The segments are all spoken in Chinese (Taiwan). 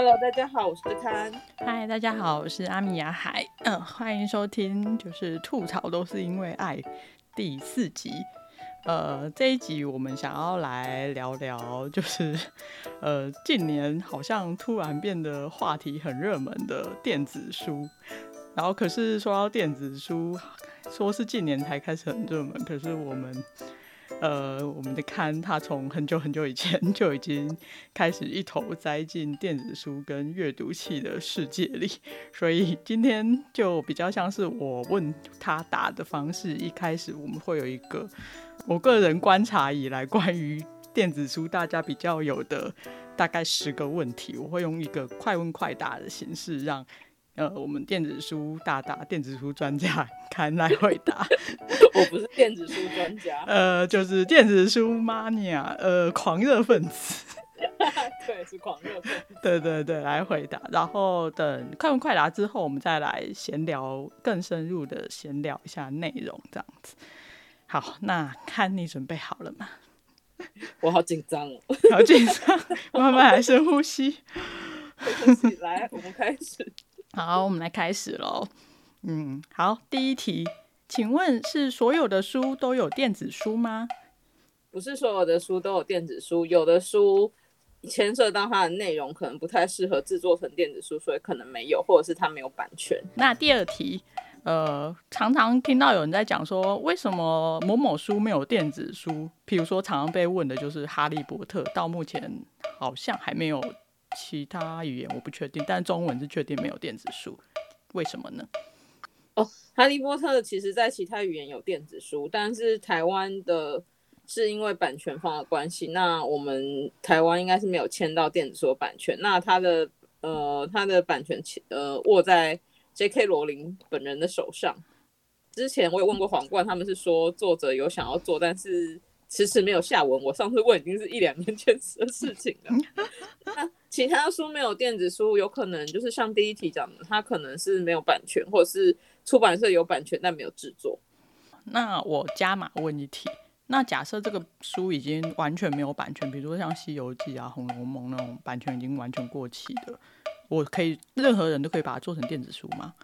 Hello，大家好，我是栞。Hi，大家好，我是 ami 亞海。嗯、呃，歡迎收聽，就是吐槽都是因為愛第四集。呃，這一集我們想要來聊聊，就是呃，近年好像突然變得話題很熱門的電子書。然後，可是說到電子書，說是近年才開始很熱門，可是我們。呃，我們的栞他從很久很久以前就已經開始一頭栽進電子書跟閱讀器的世界裡，所以今天就比較像是我問他答的方式。一開始我們會有一個我個人觀察以來關於電子書，大家比較有的大概十個問題，我會用一個快問快答的形式讓呃，我們電子書大大，電子書專家，栞，來回答。 我不是電子書專家，呃，就是電子書媽尼啊，呃，狂熱分子。 對，是狂熱分子。對對對，來回答。然後等快問快答之後，我們再來閒聊，更深入的閒聊一下內容，這樣子。好，那栞你準備好了嗎？我好緊張哦， 好緊張，慢慢來，深呼吸 來，我們開始。好，我們來開始嘍。嗯，好，第一題，請問是所有的書都有電子書嗎？不是所有的書都有電子書，有的書牽涉到它的內容可能不太適合制作成電子書，所以可能沒有，或者是它沒有版權。那第二題，呃，常常聽到有人在講說，為什麼某某書沒有電子書？譬如說，常常被問的就是《哈利波特》，到目前好像還沒有。其他語言我不確定，但中文是確定沒有電子書，為什麼呢？哦，《哈利波特》其實在其他語言有電子書，但是台灣的是因為版權方的關係，那我們台灣應該是沒有簽到電子書的版權，那它的呃，它的版權呃握在 J.K. 羅琳本人的手上。之前我有問過皇冠，他們是說作者有想要做，但是遲遲沒有下文。我上次問已經是一兩年前的事情了。 其他書沒有電子書，有可能就是像第一題講的，它可能是沒有版權，或者是出版社有版權但沒有製作。那我加碼問一題，那假設這個書已經完全沒有版權，比如說像《西遊記》啊、《紅樓夢》那種版權已經完全過期的，我可以任何人都可以把它做成電子書嗎？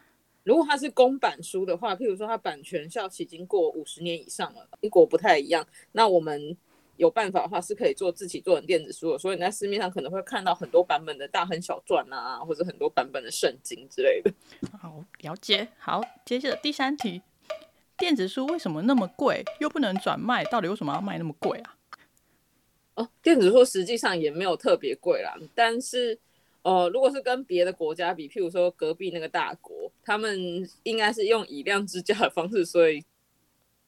如果它是公版書的話，譬如說它版權效期已經過五十年以上了，英國不太一樣。那我們，有辦法的話，是可以做自己做的電子書的。所以你在市面上可能會看到很多版本的大亨小傳啊，或者很多版本的聖經之類的。好，了解。好，接着第三題，電子書為什麼那麼貴，又不能轉賣？到底為什麼要賣那麼貴啊？哦，電子書實際上也沒有特別貴啦，但是，呃，如果是跟別的國家比，譬如說隔壁那個大國，他們應該是用以量制價的方式，所以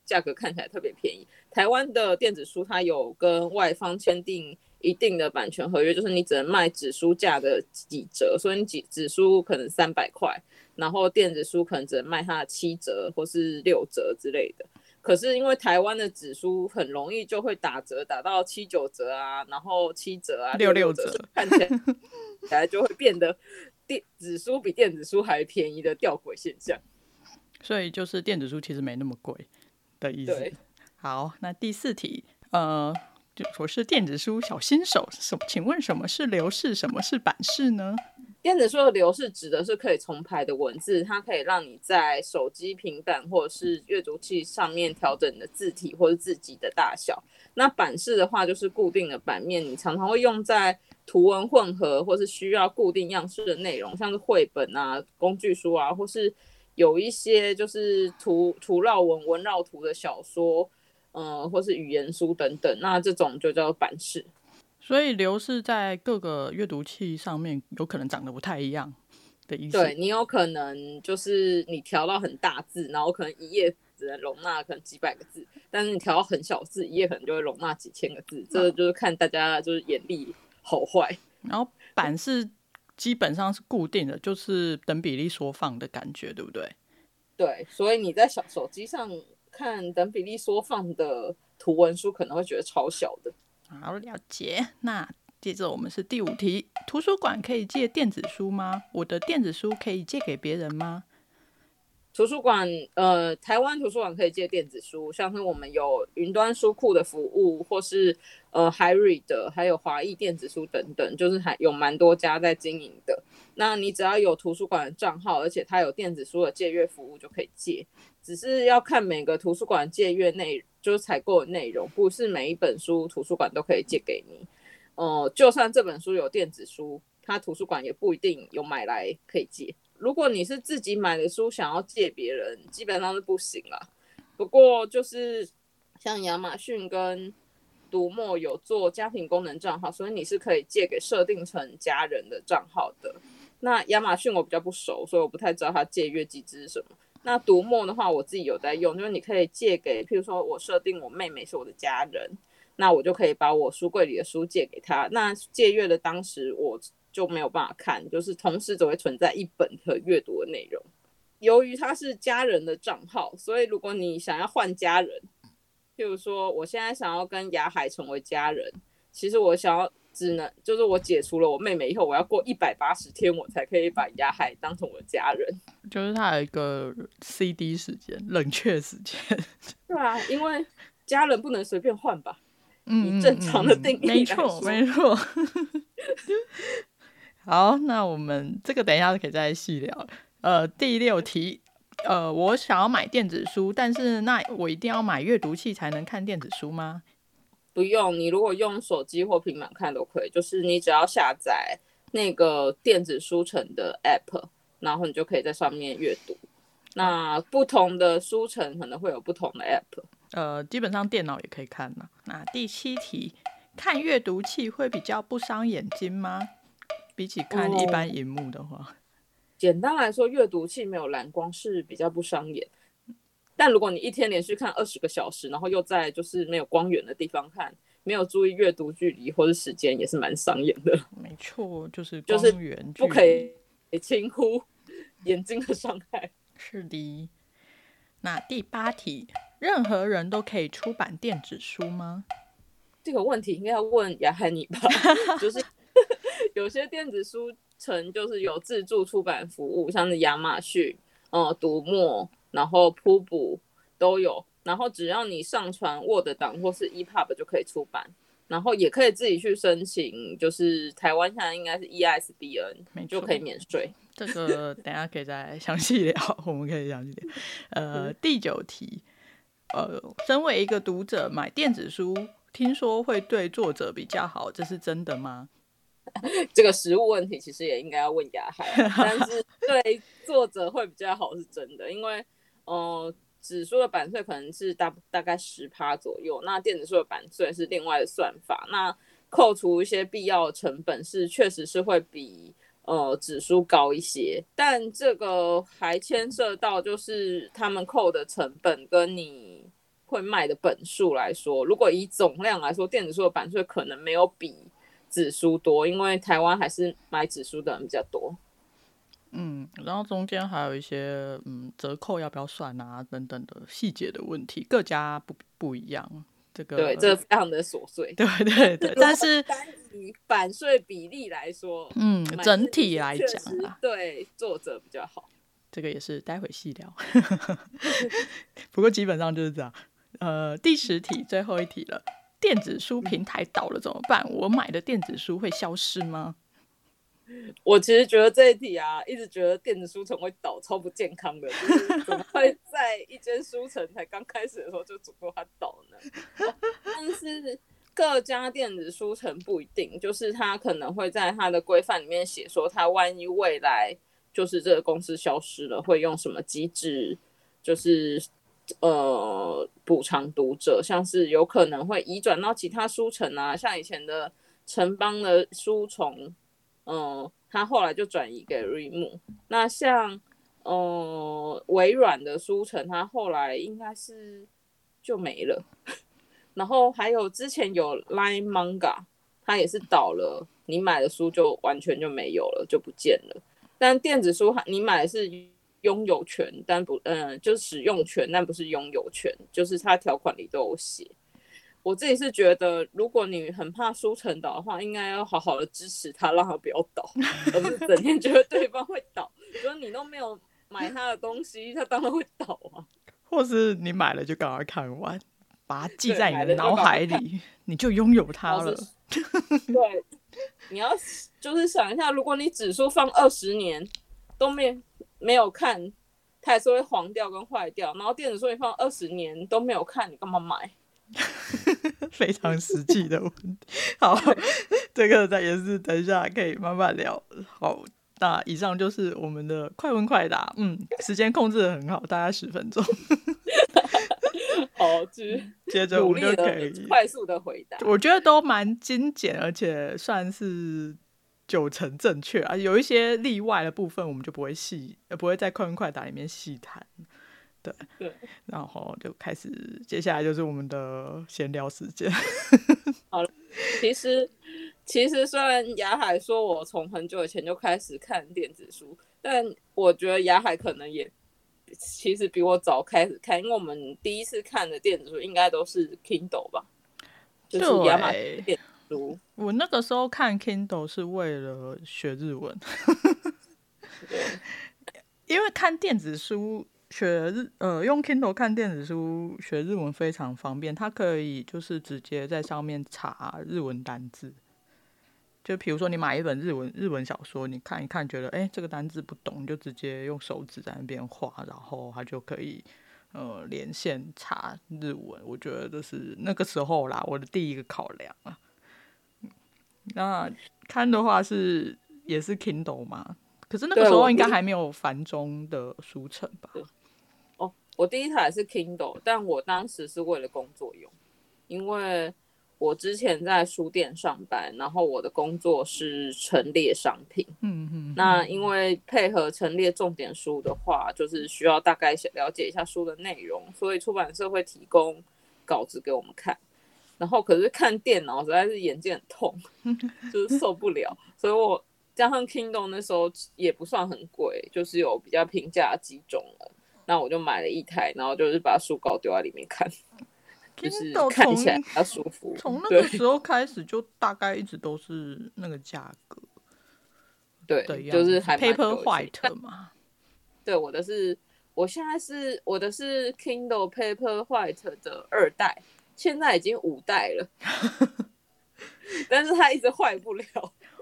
價格看起來特別便宜。台灣的電子書，它有跟外方簽訂一定的版權合約，就是你只能賣紙書價的幾折，所以你幾紙書可能三百塊，然後電子書可能只能賣它的七折或是六折之類的。可是因為台灣的紙書很容易就會打折，打到七九折啊，然後七折啊，六六折，看起來，就會變得電子書比電子書還便宜的吊詭現象。所以就是電子書其實沒那麼貴的意思。對。好，那第四題，呃，我是電子書小新手，什麼？請問什麼是流式，什麼是版式呢？電子書的流式指的是可以重排的文字，它可以讓你在手機、平板或者是閱讀器上面調整你的字體或者是字級的大小。那版式的話，就是固定的版面，你常常會用在圖文混合或是需要固定樣式的內容，像是繪本啊、工具書啊，或是有一些就是圖圖繞文、文繞圖的小說。嗯，或是語言書等等，那這種就叫版式。所以流式在各個閱讀器上面有可能長得不太一樣的意思。對，你有可能就是你調到很大字，然後可能一頁只能容納可能幾百個字，但是你調到很小字，一頁可能就會容納幾千個字。嗯。這個就是看大家就是眼力好壞。然後版式基本上是固定的，就是等比例縮放的感覺，對不對？對，所以你在小手機上。看等比例縮放的圖文書可能會覺得超小的，好了解。那接着我們是第五題：圖書館可以借電子書嗎？我的電子書可以借給別人嗎？圖書館，呃，台灣圖書館可以借電子書，像是我們有雲端書庫的服務，或是呃，HyRead 的，還有華藝電子書等等，就是還有蠻多家在經營的。那你只要有圖書館的賬號，而且它有電子書的借閱服務，就可以借。只是要看每個圖書館借閱內，就是採購的內容，不是每一本書圖書館都可以借給你。哦、呃，就算這本書有電子書，它圖書館也不一定有買來可以借。如果你是自己買的書，想要借別人，基本上是不行了啊。不過就是像亞馬遜跟讀墨有做家庭功能賬號所以你是可以借給設定成家人的賬號的。那亞馬遜我比較不熟，所以我不太知道他借閱機制是什麼。那讀墨的話，我自己有在用，就是你可以借給，譬如說我設定我妹妹是我的家人，那我就可以把我書櫃裡的書借給她。那借閱的當時我。就沒有辦法看，就是同時只會存在一本和閱讀的內容。由於他是家人的賬號，所以如果你想要換家人，譬如說我現在想要跟亞海成為家人，其實我想要只能就是我解除了我妹妹以後，我要過一百八十天，我才可以把亞海當成我的家人。就是它有一個 CD 時間冷卻時間。對啊，因為家人不能隨便換吧？嗯，以正常的定義沒錯、嗯嗯，沒錯。沒 好，那我們這個等一下可以再細聊了。呃，第六題，呃，我想要買電子書，但是那我一定要買閱讀器才能看電子書嗎？不用，你如果用手機或平板看都可以。就是你只要下載那個電子書城的 app，然後你就可以在上面閱讀。那不同的書城可能會有不同的 app。呃，基本上電腦也可以看啊。那第七題，看閱讀器會比較不傷眼睛嗎？比起看一般熒幕的話，oh, 簡單來說，閱讀器沒有藍光是比較不傷眼。但如果你一天連續看二十個小時，然後又在就是沒有光源的地方看，沒有注意閱讀距離或是時間，也是蠻傷眼的。沒錯，就是距就是不可以也輕忽眼睛的傷害。是的。那第八題，任何人都可以出版電子書嗎？這個問題應該要問亞海你吧，就是。 有些電子書城就是有自助出版服務，像是亞馬遜、呃讀墨，然後 Pubu 都有。然後只要你上傳 Word 檔或是 EPUB 就可以出版，然後也可以自己去申請，就是台灣現在應該是 ESBN，沒錯，就可以免稅。這個等下可以再詳細聊， 我們可以詳細聊。呃，嗯、第九題，呃，身為一個讀者買電子書，聽說會對作者比較好，這是真的嗎？ 這個實物問題其實也應該要問亞海，但是對作者會比較好是真的，因為呃，紙書的版稅可能是大大概十趴左右，那電子書的版稅是另外的算法，那扣除一些必要的成本是確實是會比呃紙書高一些，但這個還牽涉到就是他們扣的成本跟你會賣的本數來說，如果以總量來說，電子書的版稅可能沒有比。紙書多，因為台灣還是買紙書的人比較多。嗯，然後中間還有一些嗯折扣要不要算啊等等的細節的問題，各家不不一樣。這個對，這個非常的瑣碎。對對對，但是單以版稅比例來說，嗯，整體來講啊，對作者比較好。這個也是待會細聊。 不過基本上就是這樣。呃，第十題，最後一題了。電子書平台倒了怎麼辦？我買的電子書會消失嗎？我其實覺得這一題啊，一直覺得電子書城會倒，超不健康的，就是、怎麼會在一間書城才剛開始的時候就詛咒它倒呢？ 但是各家電子書城不一定，就是它可能會在它的規範裡面寫說，它萬一未來就是這個公司消失了，會用什麼機制，就是。呃，補償讀者，像是有可能會移轉到其他書城啊，像以前的城邦的書蟲，嗯、呃，他後來就轉移給 Readmoo。那像，呃，微軟的書城，他後來應該是就沒了。 然後還有之前有 Line Manga，它也是倒了，你買的書就完全就沒有了，就不見了。但電子書你買的是。擁有權，但不，嗯、呃，就是使用權，但不是擁有權，就是他條款裡都有寫。我自己是覺得，如果你很怕書城倒的話，應該要好好的支持他，讓他不要倒，而不是整天覺得對方會倒。因為你都沒有買他的東西，他當然會倒啊。或是你買了就趕快看完，把它記在你的腦海裡，就你就擁有它了。對，你要就是想一下，如果你只說放二十年都沒沒有看，它也是會黃掉跟壞掉。然後電子書你放二十年都沒有看，你幹嘛買？ 非常實際的問題。 好，對這個在也是等一下可以慢慢聊。好，那以上就是我們的快問快答。嗯，時間控制得很好，大概十分鐘。 好，接接着我們就可以就快速的回答。我覺得都蠻精簡，而且算是。九成正確啊，有一些例外的部分，我們就不會細，也不會在快問快答裡面細談，對對，然後就開始接下來就是我們的閒聊時間。好了，其實其實雖然亞海說我從很久以前就開始看電子書，但我覺得亞海可能也其實比我早開始看，因為我們第一次看的電子書應該都是 Kindle 吧，就是亞馬遜電、欸。我那個時候看 Kindle 是為了學日文， 因為看電子書學日呃用 Kindle 看電子書學日文非常方便，它可以就是直接在上面查日文單字，就比如說你買一本日文日文小說，你看一看覺得哎、欸、這個單字不懂，你就直接用手指在那邊畫，然後它就可以呃連線查日文。我覺得這是那個時候啦，我的第一個考量啊。那看的話是也是 Kindle 嗎？可是那個時候應該還沒有繁中的書城吧？對。哦，我第一台是 Kindle，但我當時是為了工作用，因為我之前在書店上班，然後我的工作是陳列商品。嗯嗯。那因為配合陳列重點書的話，就是需要大概了解一下書的內容，所以出版社會提供稿子給我們看。然後可是看電腦實在是眼睛很痛，就是受不了，所以我加上 Kindle 那時候也不算很貴，就是有比較平價機種了，那我就買了一台，然後就是把書稿丟在裡面看，就是看起來比較舒服。從對從那個時候開始就大概一直都是那個價格，對，就是還 Paper White 嘛但，嗎對我的是，我現在是我的是 Kindle Paper White 的二代。現在已經五代了， 但是它一直壞不了。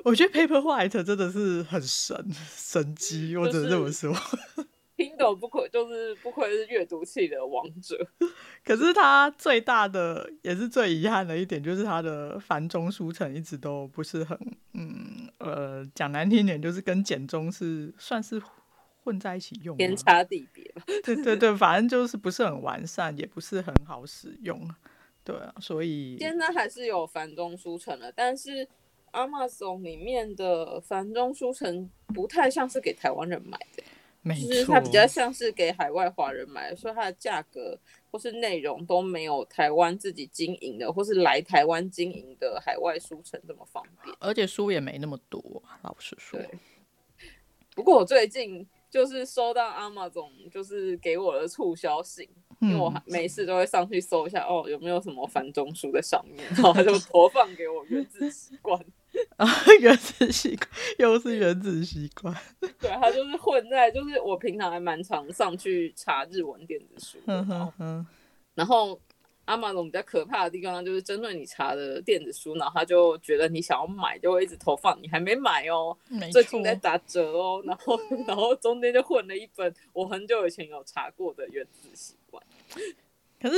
我覺得 Paper White 真的是很神神機，就是、我只能這麼說。Kindle 不愧就是不愧是閱讀器的王者。 可是它最大的也是最遺憾的一點，就是它的繁中書城一直都不是很嗯呃，講難聽點，就是跟簡中是算是混在一起用、啊，天差地別。對對對，反正就是不是很完善， 也不是很好使用。對啊，所以現在還是有繁中書城的。但是 Amazon 裡面的繁中書城不太像是給台灣人買的。欸，沒錯，就它比較像是給海外華人買的，所以它的價格或是內容都沒有台灣自己經營的或是來台灣經營的海外書城這麼方便，而且書也沒那麼多，老實說。對。不過我最近就是收到 Amazon 就是給我的促銷信。因為我每次都會上去搜一下哦，有沒有什麼繁中書在上面，然後他就投放給我原子習慣，啊， 原子習慣，又是原子習慣，對，他就是混在，就是我平常還蠻常上去查日文電子書，呵呵呵，然後阿瑪龍比較可怕的地方就是針對你查的電子書，然後他就覺得你想要買，就會一直投放，你還沒買哦，沒錯，最近在打折哦，然後然後中間就混了一本我很久以前有查過的原子習慣。可是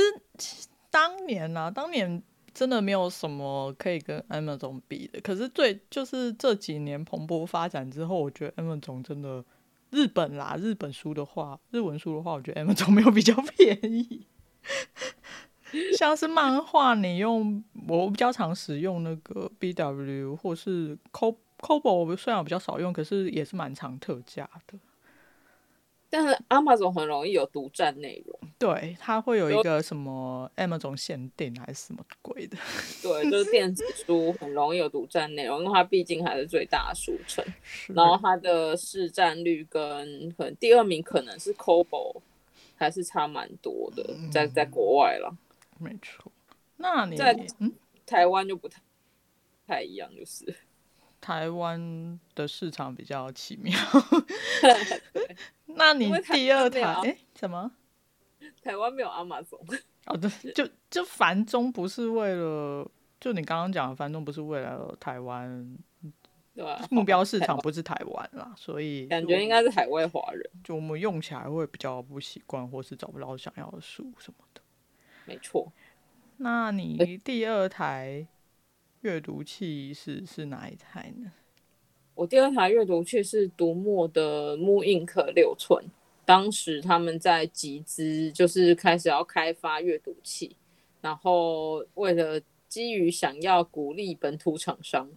當年啊，當年真的沒有什麼可以跟 Amazon 比的。可是最就是這幾年蓬勃發展之後，我覺得 Amazon 真的日本啦，日本書的話，日文書的話，我覺得 Amazon 沒有比較便宜。 像是漫畫，你用我比較常使用那個 BW 或是 Kobo，雖然我比較少用，可是也是蠻常特價的。但是 Amazon 很容易有獨佔內容，對，它會有一個什麼 Amazon 限定還是什麼鬼的，對，就是電子書很容易有獨佔內容，因為它畢竟還是最大書城，是然後它的市占率跟可能第二名可能是 Kobo 還是差蠻多的，嗯、在在國外啦，沒錯，那你在台灣就不太，嗯、太一樣就是。台灣的市場比較奇妙。 對， 那你第二台、台、欸、什麼？台灣沒有 Amazon 哦？對是，就就繁中不是為了，就你剛剛講的繁中不是為了台灣，啊、目標市場不是台灣啦，所以感覺應該是海外華人，就我們用起來會比較不習慣，或是找不到想要的書什麼的，沒錯錯。那你第二台？閱讀器是是哪一台呢？我第二台閱讀器是讀墨的 mooInk 六寸，當時他們在集資，就是開始要開發閱讀器，然後為了基於想要鼓勵本土廠商，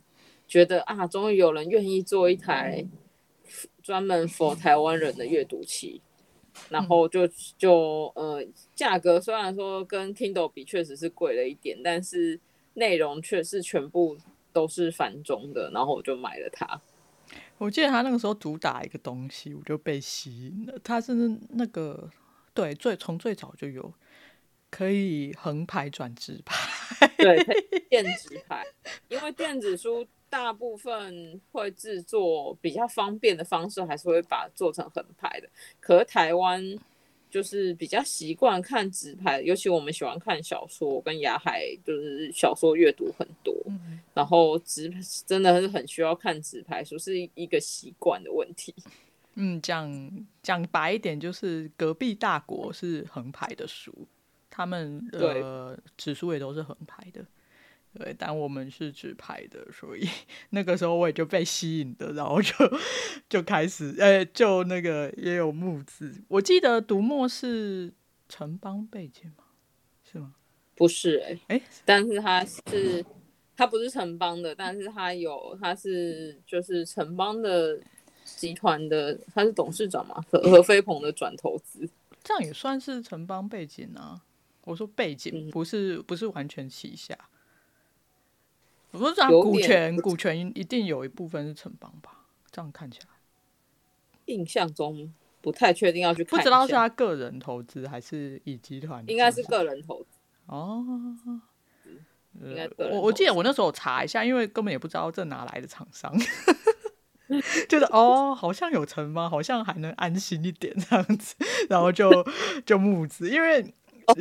覺得啊，終於有人願意做一台專門 for 台灣人的閱讀器，嗯、然後就就呃價格雖然說跟 Kindle 比確實是貴了一點，但是。內容卻是全部都是繁中的，然後我就買了它。我記得他那個時候主打一個東西，我就被吸引了。他是那個對最從最早就有可以橫排轉直排， 對電子排，因為電子書大部分會制作比較方便的方式，還是會把做成橫排的。可是台灣。就是比較習慣看直排，尤其我們喜歡看小說，跟亞海就是小說閱讀很多，Okay. 然後直真的是很需要看直排書，所以是一個習慣的問題。嗯，講講白一點，就是隔壁大國是橫排的書，他們的、呃、對指書也都是橫排的。對，但我們是直拍的，所以那個時候我也就被吸引的，然後就就開始，誒、欸，就那個也有募資。我記得讀墨是城邦背景嗎？是嗎？不是、欸，哎哎、欸，但是他是他不是城邦的， 但是他有他是就是城邦的集團的，他是董事長嘛，和何，何飛鵬的轉投資，這樣也算是城邦背景啊。我說背景、嗯、不是不是完全旗下。不是，講股權，點股權一定有一部分是城邦吧？這樣看起來，印象中不太確定要去看，不知道是他個人投資還是以集團，應該是個人投資哦。應該我我記得我那時候查一下，因為根本也不知道這哪來的廠商， 就是哦，好像有城邦，好像還能安心一點這樣子，然後就 就募資，因為。哦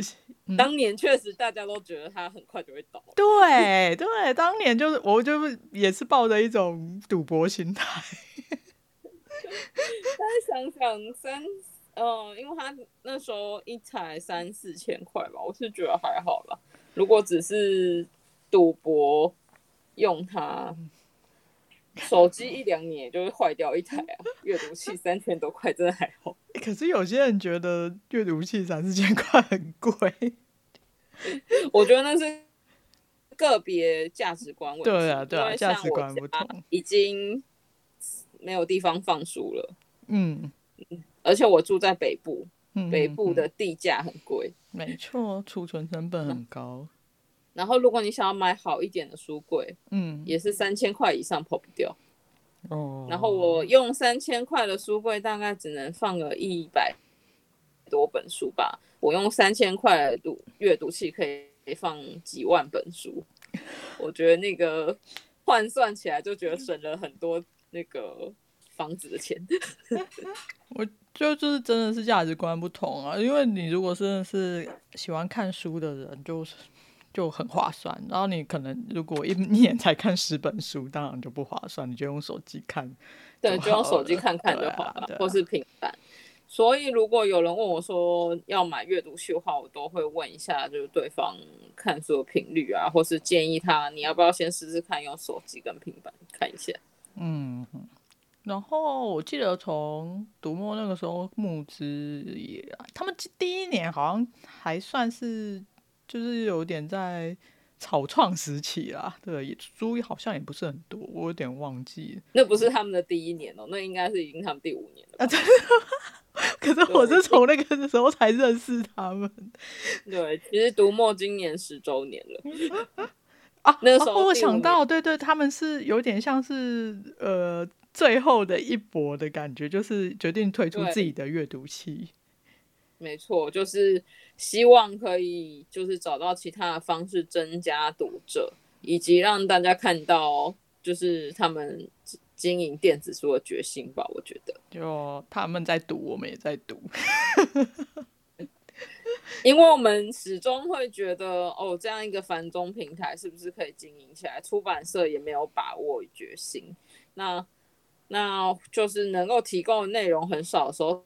當年確實大家都覺得它很快就會倒。嗯。對對，當年就是我就也是抱着一種賭博心態。但是 想想三嗯、呃，因為它那時候一台三四千塊吧，我是覺得還好啦。如果只是賭博用它。手機一兩年就是壞掉一台啊，閱讀器三千多塊真的還好，欸。可是有些人覺得閱讀器三四千塊很貴，我覺得那是個別價值觀問題。對啊，對啊，對啊吧，價值觀不同。我已經沒有地方放書了，嗯，而且我住在北部，嗯嗯嗯，北部的地價很貴，沒錯，儲存成本很高。然後，如果你想要買好一點的書櫃，嗯，也是三千塊以上跑不掉。哦，然後我用三千塊的書櫃，大概只能放個一百多本書吧。我用三千塊的讀閱讀器，可以放幾萬本書。我覺得那個換算起來就覺得省了很多那個房子的錢。 我就就是真的是價值觀不同啊，因為你如果是真的是喜歡看書的人就，就是。就很划算，然後你可能如果一一年才看十本書，當然就不划算，你就用手機看，對，就用手機看看就好了。啊、或是平板。啊、所以如果有人問我說要買閱讀器的話，我都會問一下，就是對方看書的頻率啊，或是建議他你要不要先試試看用手機跟平板看一下。嗯，然後我記得從讀墨那個時候募資也，他們第一年好像還算是。就是有點在草創時期啦，對，書好像也不是很多，我有點忘記那不是他們的第一年哦、喔，那應該是已經他們第五年了吧、啊。可是我是從那個時候才認識他們。對，其實讀墨今年十周年了。 啊，那時候我想到，對，對對，他們是有點像是呃最後的一搏的感覺，就是決定推出自己的閱讀器。沒錯，就是希望可以，就是找到其他的方式增加讀者，以及讓大家看到，就是他們經營電子書的決心吧。我覺得，就他們在讀，我們也在讀， 因為我們始終會覺得，哦，這樣一個繁中平台是不是可以經營起來？出版社也沒有把握與決心，那那就是能夠提供的內容很少的時候，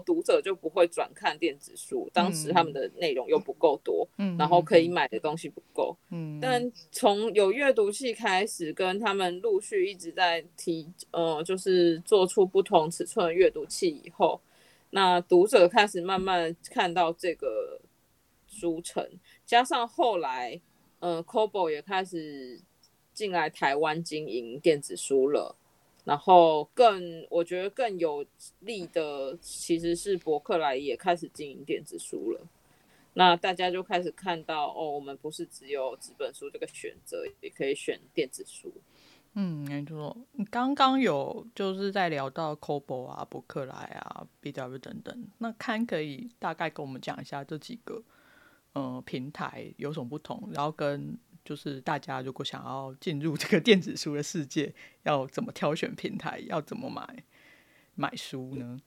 讀者就不會轉看電子書，當時他們的內容又不夠多，嗯，然後可以買的東西不夠，嗯，但從有閱讀器開始，跟他們陸續一直在提，呃，就是做出不同尺寸的閱讀器以後，那讀者開始慢慢看到這個書城，加上後來，呃 Kobo 也開始進來台灣經營電子書了。然後更，我覺得更有力的其實是博客來也開始經營電子書了，那大家就開始看到哦，我們不是只有紙本書這個選擇，也可以選電子書。嗯，沒錯。你剛剛有就是在聊到 Kobo 啊、博客來啊、BW 等等，那栞可以大概跟我們講一下這幾個嗯、呃、平台有什麼不同，然後跟。就是大家如果想要進入這個電子書的世界，要怎麼挑選平台？要怎麼買買書呢？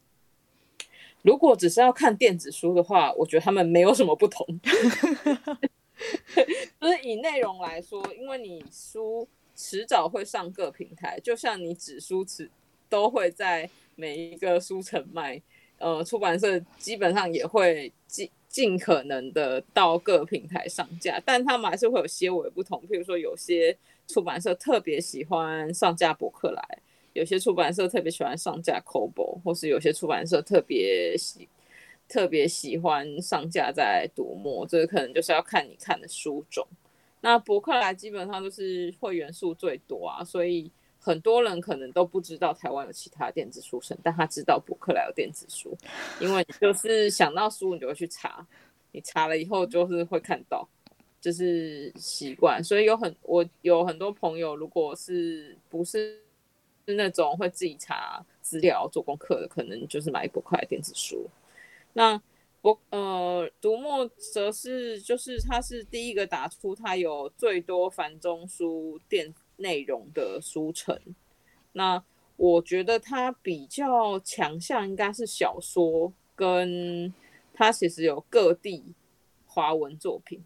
如果只是要看電子書的話，我覺得他們沒有什麼不同。 就是以內容來說，因為你書遲早會上各平台，就像你紙書遲都會在每一個書城賣，呃，出版社基本上也會儘可能的到各平台上架，但他們還是會有些微不同。譬如說有，有些出版社特別喜歡上架博客來，有些出版社特別喜歡上架 Kobo 或是有些出版社特別喜特別喜歡上架在讀墨。這、就、個、是、可能就是要看你看的書種。那博客來基本上都是會員數最多啊，所以。很多人可能都不知道台灣有其他電子書城，但他知道博客來有電子書，因為就是想到書你就會去查，你查了以後就是會看到，就是習慣。所以有很我有很多朋友，如果是不是是那種會自己查資料做功課的，可能就是買一博客來電子書。那我呃讀墨則是就是他是第一個打出他有最多繁中書電子。內容的書城，那我覺得它比較強項應該是小說，跟它其實有各地華文作品，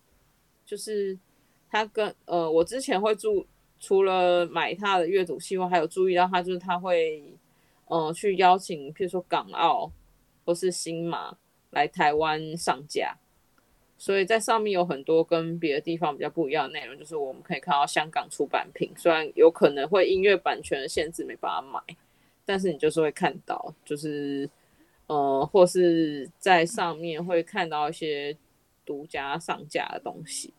就是它跟呃，我之前會注，除了買它的閱讀器外，還有注意到它，就是它會嗯、呃、去邀請，譬如說港澳或是新馬來台灣上架。所以在上面有很多跟別的地方比較不一樣的內容，就是我們可以看到香港出版品，雖然有可能會音樂版權的限制沒辦法買，但是你就是會看到，就是呃，或是在上面會看到一些獨家上架的東西。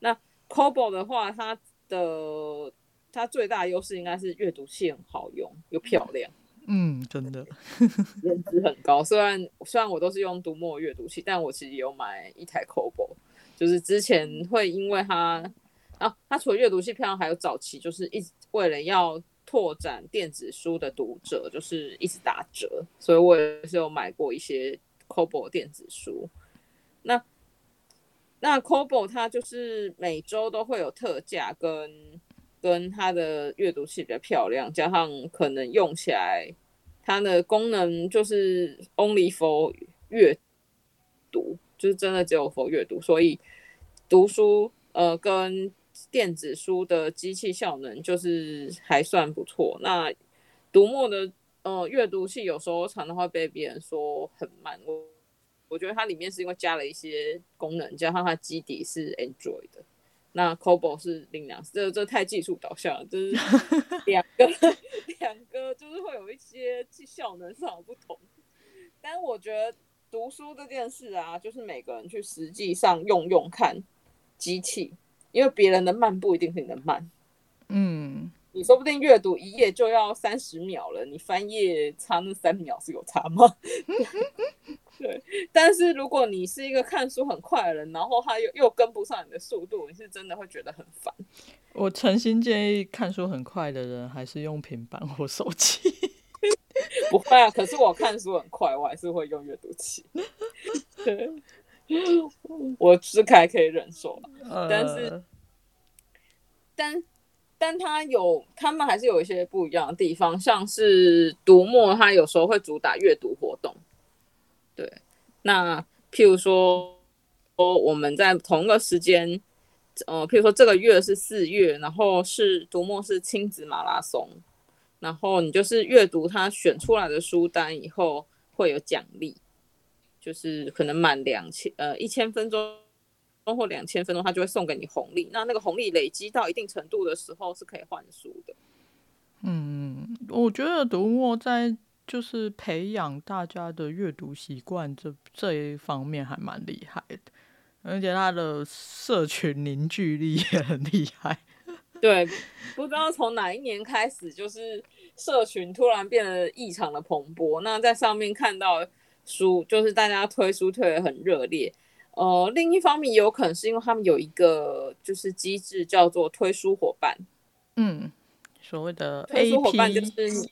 那 Kobo 的話，它的，它的它最大優勢應該是閱讀器很好用又漂亮。嗯，真的，顏 值很高。雖然雖然我都是用讀墨閱讀器，但我其實有買一台 Kobo，就是之前會因為它，啊，它除了閱讀器漂亮，還有早期就是一直為了要拓展電子書的讀者，就是一直打折，所以我也是有買過一些 Kobo 電子書。那那 Kobo 它就是每週都會有特價跟跟它的閱讀器比較漂亮，加上可能用起來，它的功能就是 only for 閱讀，就是真的只有 for 閱讀，所以讀書呃跟電子書的機器效能就是還算不錯。那讀墨的呃閱讀器有時候常常會被別人說很慢，我我覺得它裡面是因為加了一些功能，加上它基底是 Android 的。那 Kobo 是零兩，這這太技術導向了，就是兩個 兩個，就是會有一些技效能上不同。但我覺得讀書這件事啊，就是每個人去實際上用用看機器，因為別人的慢不一定是你的慢。嗯，你說不定閱讀一頁就要三十秒了，你翻頁差那三秒是有差嗎？ 對，但是如果你是一個看書很快的人，然後他又又跟不上你的速度，你是真的會覺得很煩。我誠心建議看書很快的人還是用平板或手機。 不會啊，可是我看書很快， 我還是會用閱讀器。對，我是開可，可以忍受，但是，呃、但但他有，他們還是有一些不一樣的地方，像是讀墨，他有時候會主打閱讀活動。對，那譬如說，我們在同一個時間，呃，譬如說這個月是四月，然後是讀墨是親子馬拉松，然後你就是閱讀他選出來的書單以後會有獎勵，就是可能滿兩千呃一千分鐘包括兩千分鐘，他就會送給你紅利。那那個紅利累積到一定程度的時候是可以換書的。嗯，我覺得讀墨在。就是培養大家的閱讀習慣，這這一方面還蠻厲害的，而且他的社群凝聚力也很厲害。對，不知道從哪一年開始，就是社群突然變得異常的蓬勃。那在上面看到書，就是大家推書推得很熱烈。呃，另一方面，有可能是因為他們有一個就是機制叫做推書夥伴，嗯，所謂的推書夥伴就是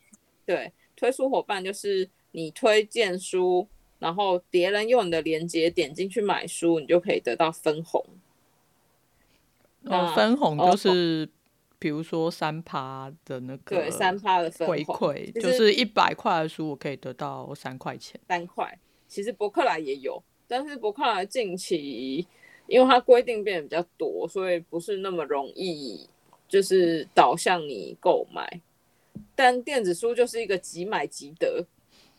對。推書夥伴就是你推薦書，然後別人用你的鏈接點進去買書，你就可以得到分紅。哦，分紅就是比、哦、如說三趴的那個對，三趴的回饋，就是一百塊的書，我可以得到三塊錢。三塊，其實博客來也有，但是博客來近期因為它規定變得比較多，所以不是那麼容易，就是導向你購買。但電子書就是一個即買即得，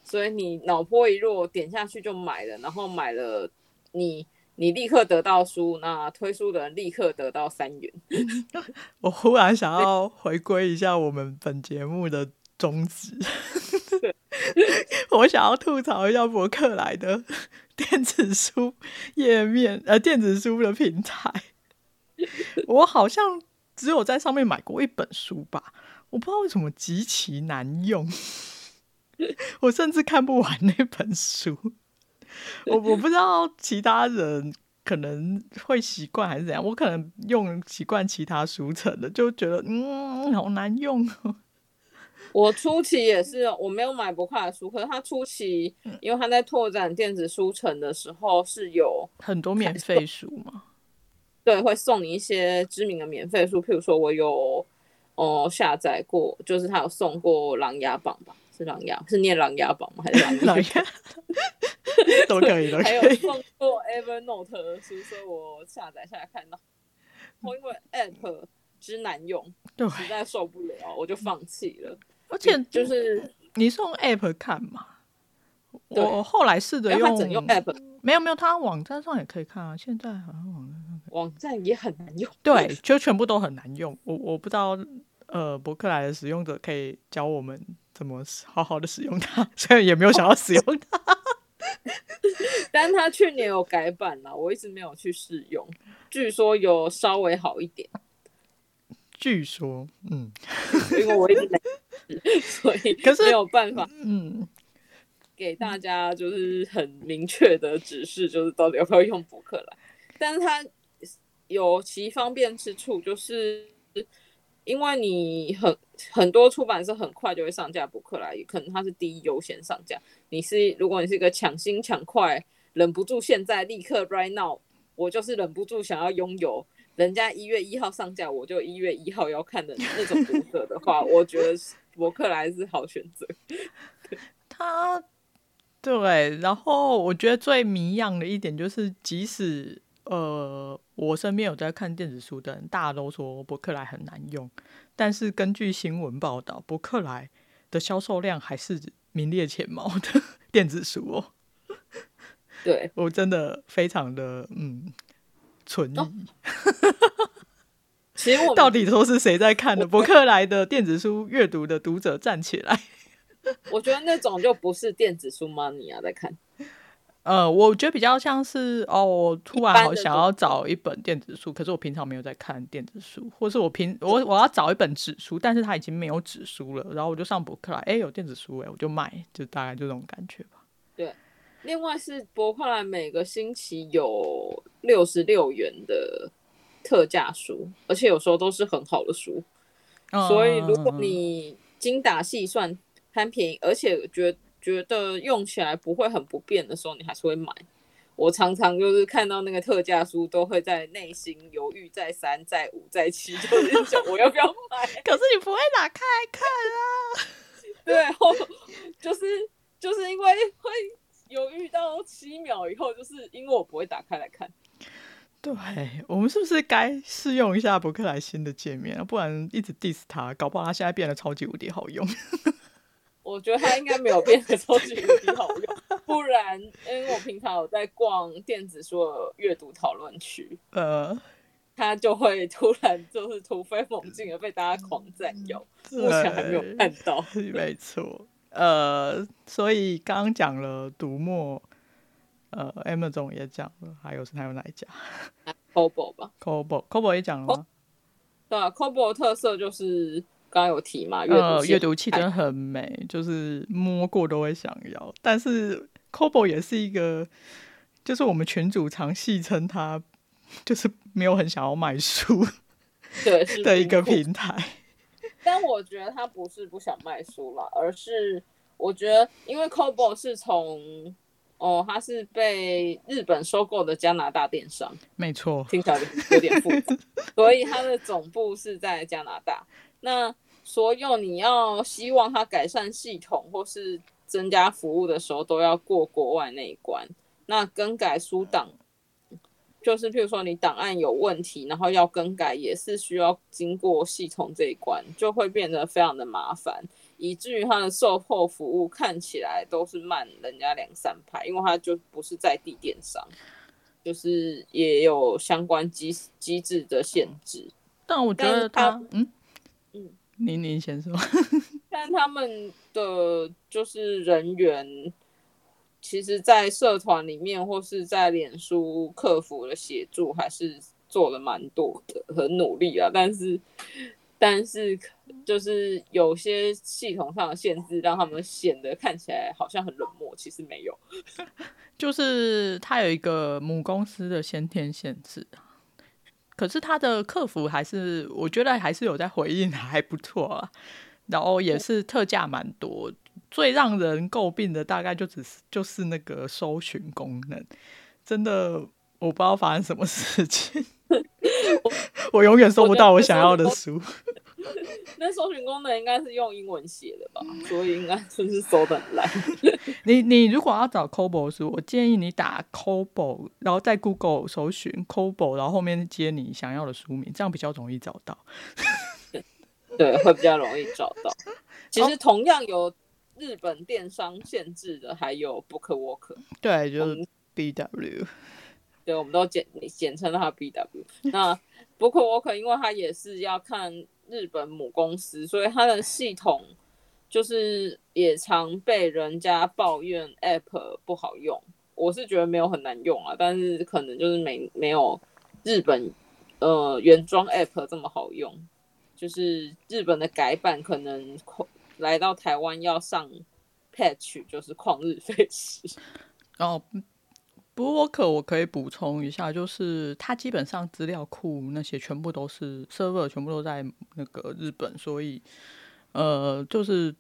所以你腦波一弱，點下去就買了，然後買了你，你你立刻得到書，那推書的人立刻得到三元。 我忽然想要回歸一下我們本節目的宗旨， 我想要吐槽一下博客來的電子書頁面，呃，電子書的平台，我好像只有在上面買過一本書吧。我不知道為什麼極其難用呵呵，我甚至看不完那本書。我我不知道其他人可能會習慣還是怎樣，我可能用習慣其他書城的，就覺得嗯好難用喔。我初期也是，我沒有買不快的書，可是它初期因為它在拓展電子書城的時候，是有很多免費書嘛，對，會送你一些知名的免費書，譬如說我有。哦，下載過，就是他有送過《琅琊榜》吧？是《琅琊》是念《琅琊榜》嗎？還是琅琊《琅琊》都可以。 還有送過 Evernote，其實 我下載下來看到， 因為 App 之難用，對實在受不了，我就放棄了。而且就、就是你送 App 看嘛？對我後來試着用、欸、用 App，、嗯、沒有沒有，他網站上也可以看啊。現在好像網網站也很難用，對，就全部都很難用。我我不知道，呃，博客來的使用者可以教我們怎麼好好的使用它，所以也沒有想要使用它。哦、 但他去年有改版了，我一直沒有去試用，據說有稍微好一點。據說，嗯，因為我一直 所以沒有辦法，嗯，給大家就是很明確的指示，就是到底要不要用博客來，但是他。有其方便之處，就是因為你很很多出版社很快就會上架博客來，也可能它是第一優先上架。你是如果你是一個搶新搶快，忍不住現在立刻 right now，我就是忍不住想要擁有。人家一月一號上架，我就一月一號要看的那種讀者的話， 我覺得博客來是好選擇。對他對，然後我覺得最迷養的一點就是，即使。呃，我身邊有在看電子書的人，大家都說博客來很難用，但是根據新聞報道，博客來的銷售量還是名列前茅的電子書哦、喔。對我真的非常的嗯，存疑。哦、 其實我到底說是誰在看的？博我客來的電子書閱讀的讀者站起來。我覺得那種就不是電子書嗎？你要、啊、在看。呃、嗯，我覺得比較像是哦，我突然好想要找一本電子書，可是我平常沒有在看電子書，或是我平我我要找一本紙書，但是它已經沒有紙書了，然後我就上博客來，哎、欸，有電子書哎，我就買，就大概就這種感覺吧。對，另外是博客來每個星期有六十六元的特價書，而且有時候都是很好的書，嗯、所以如果你精打細算貪便宜，而且我覺得。覺得用起來不會很不便的時候，你還是會買。我常常就是看到那個特價書，都會在內心猶豫再三、再五、再七、再九，我要不要買？ 可是你不會打開看啊！ 對，就是就是因為會猶豫到七秒以後，就是因為我不會打開來看。對我們是不是該試用一下博客來新的界面啊？不然一直 diss 他，搞不好他現在變得超級無敵好用。 我覺得它應該沒有變得超級無敵好用，不然因為我平常有在逛電子書的閱讀討論區，呃，它就會突然就是突飛猛進而被大家狂讚有。對目前還沒有看到，沒錯。呃，所以剛剛講了讀墨，呃，Amazon 也講了，還有是還有哪一家？Kobo 吧，Kobo，Kobo 也講了嗎？對啊，Kobo 的特色就是。剛有提嘛？呃、嗯，閱讀器真的很美，就是摸過都會想要。但是 Kobo 也是一個，就是我們群主常戲稱他，就是沒有很想要買書，對的一個平台。但我覺得他不是不想賣書了， 而是我覺得，因為 Kobo 是從哦，他是被日本收購的加拿大電商，沒錯，聽起來有點複雜， 所以他的總部是在加拿大。那所以你要希望他改善系統或是增加服務的時候，都要過國外那一關。那更改書檔，就是譬如說你檔案有問題，然後要更改，也是需要經過系統這一關，就會變得非常的麻煩，以至於他的售後服務看起來都是慢人家兩三排，因為他就不是在地電商，就是也有相關機機制的限制。但我覺得他，嗯嗯。你先說，但他們的就是人員，其實，在社團裡面或是在臉書客服的協助，還是做了蠻多的，很努力啊。但是，但是就是有些系統上的限制，讓他們顯得看起來好像很冷漠，其實沒有，就是他有一個母公司的先天限制。可是他的客服還是，我覺得還是有在回應，還不錯啊。然後也是特價蠻多，最讓人詬病的大概就只是就是那個搜尋功能，真的我不知道發生什麼事情。 我我永遠搜不到我想要的書。搜那搜尋功能應該是用英文寫的吧？嗯、所以應該就是搜不來。 你你如果要找 Kobo 書，我建議你打 Kobo 然後在 Google 搜尋 Kobo 然後後面接你想要的書名，這樣比較容易找到。對，會比較容易找到。其實同樣有日本電商限制的還有 BookWalker，、哦、對，就是 BW。對，我們都簡簡稱它 BW。他 那 BookWalker 因為他也是要看日本母公司，所以他的系統就是也常被人家抱怨 App 不好用。我是覺得沒有很難用啊，但是可能就是沒沒有日本呃原裝 App 這麼好用。就是日本的改版可能來到台灣要上 Patch，就是曠日費時，然後。Oh. BookWalker 我可以補充一下，就是它基本上資料庫那些全部都是 server，全部都在那個日本，所以呃，就是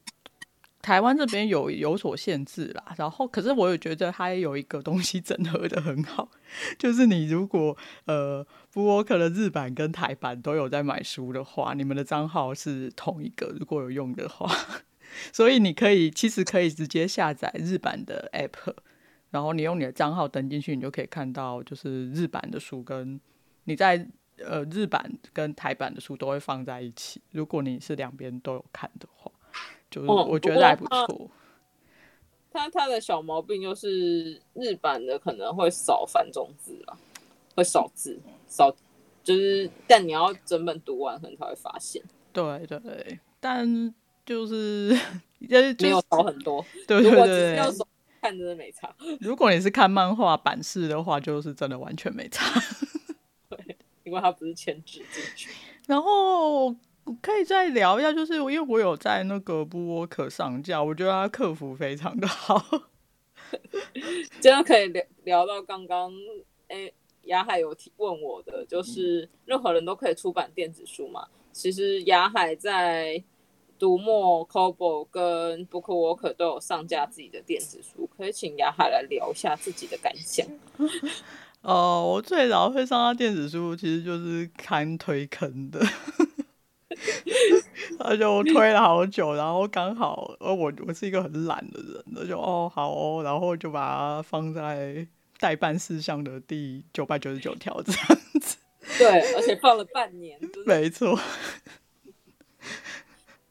台灣這邊有有所限制啦。然後，可是我也覺得它有一個東西整合得很好，就是你如果呃 BookWalker 的日版跟台版都有在買書的話，你們的賬號是同一個，如果有用的話，所以你可以其實可以直接下載日版的 app。然後你用你的賬號登進去，你就可以看到，就是日版的書跟你在呃日版跟台版的書都會放在一起。如果你是兩邊都有看的話，就我覺得還不錯。哦、不過他他，他，他的小毛病就是日版的可能會少繁中字啦，會少字少，就是但你要整本讀完可能才會發現。對對對，但就是、就是、沒有少很多，對，對對對。如果只是看真的沒差。如果你是看漫畫版式的話，就是真的完全沒差， 對，因為它不是全職進去。然後可以再聊一下，就是因為我有在那個 Bookwalker 上架，我覺得他客服非常的好，真 的可以聊聊到剛剛。哎、欸，亞海有提問我的，就是、嗯、任何人都可以出版電子書嘛？其實亞海在。讀墨、Kobo 跟 BookWalker 都有上架自己的電子書，可以請亞海來聊一下自己的感想。哦、呃，我最早會上架電子書，其實就是看推坑的， 他就推了好久，然後剛好，而我我是一個很懶的人，就哦好哦，然後就把它放在待辦事項的第九百九十九條這樣子。對，而且放了半年。就是、沒錯。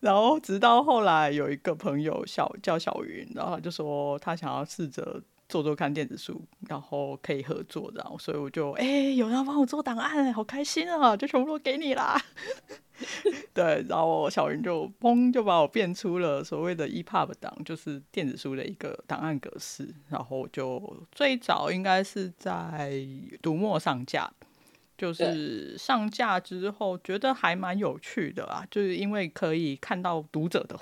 然後直到後來有一個朋友小叫小雲，然後他就說他想要試着做做看電子書，然後可以合作，然後所以我就哎、欸、有人要幫我做檔案，好開心啊，就全部都給你啦。 對，然後小雲就嘣就把我變出了所謂的 EPUB 檔，就是電子書的一個檔案格式，然後就最早應該是在讀墨上架。就是上架之後，覺得還蠻有趣的啊，就是因為可以看到讀者的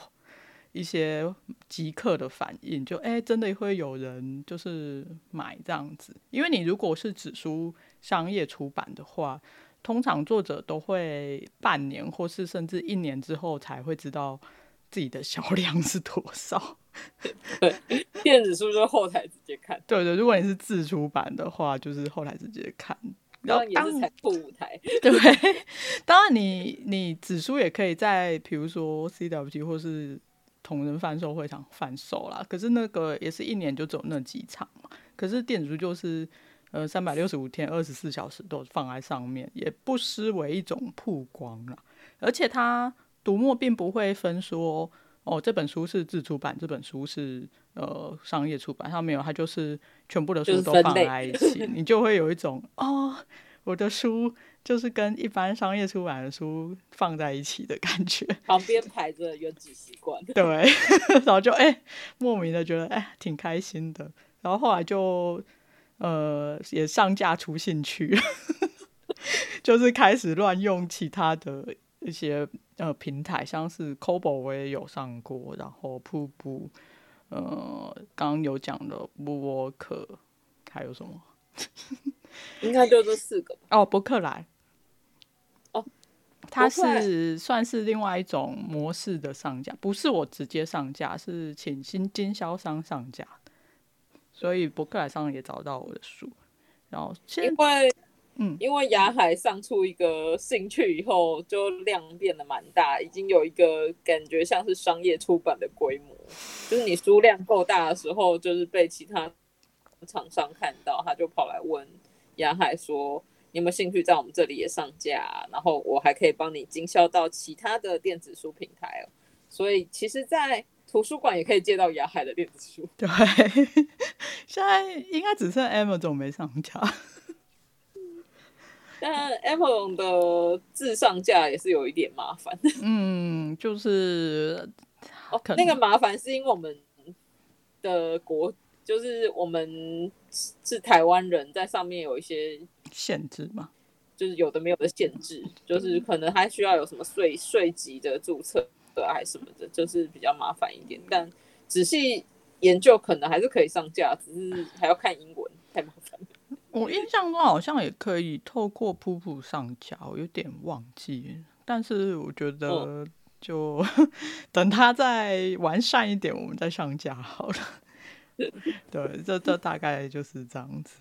一些即刻的反應，就誒、欸，真的會有人就是買這樣子。因為你如果是紙書商業出版的話，通常作者都會半年或是甚至一年之後才會知道自己的銷量是多少。電子書就是後台直接看，對，對對，如果你是自出版的話，就是後台直接看。然後當然後也是殘酷舞台，當對當然你，你你紙書也可以在，比如說 C W G 或是同人販售會上販售啦。可是那個也是一年就走那幾場嘛。可是電子書就是，呃，三百六十五天二十四小時都放在上面，也不失為一種曝光啦。而且它讀墨並不會分說。哦，這本書是自出版，這本書是呃商業出版，它沒有，它就是全部的書都放在一起，就 你就會有一種哦，我的書就是跟一般商業出版的書放在一起的感覺，旁邊排着原子習慣，對， 然後就、欸、莫名的覺得哎、欸、挺開心的，然後後來就呃也上架出興趣， 就是開始亂用其他的。一些呃平台，像是 Kobo 我也有上過，然後 Pubu，呃，剛剛有講的 Bookwalker，還有什麼？ 應該就這四個哦。博客來哦，它是算是另外一種模式的上架，不是我直接上架，是請新經銷商上架，所以博客來上也找到我的書，然後因為。嗯，因為亞海上出一個興趣以後，就量變得蠻大，已經有一個感覺像是商業出版的規模。就是你書量夠大的時候，就是被其他廠商看到，他就跑來問亞海說：“你有沒有興趣在我們這裡也上架？”然後我還可以幫你經銷到其他的電子書平台。所以其實，在圖書館也可以借到亞海的電子書。對，現在應該只剩 Amazon 沒上架。但 Apple 的自上架也是有一點麻煩。嗯，就是、哦、那個麻煩是因為我們的國，就是我們是台灣人在上面有一些限制嘛，就是有的沒有的限制，限制就是可能還需要有什麼稅稅籍的註冊，還是什麼的，就是比較麻煩一點。但仔細研究，可能還是可以上架，只是還要看英文，太麻煩。我印象中好像也可以透過 Pubu 上架，我有點忘記。但是我覺得就 等它再完善一點，我們再上架好了。 對，這這大概就是這樣子。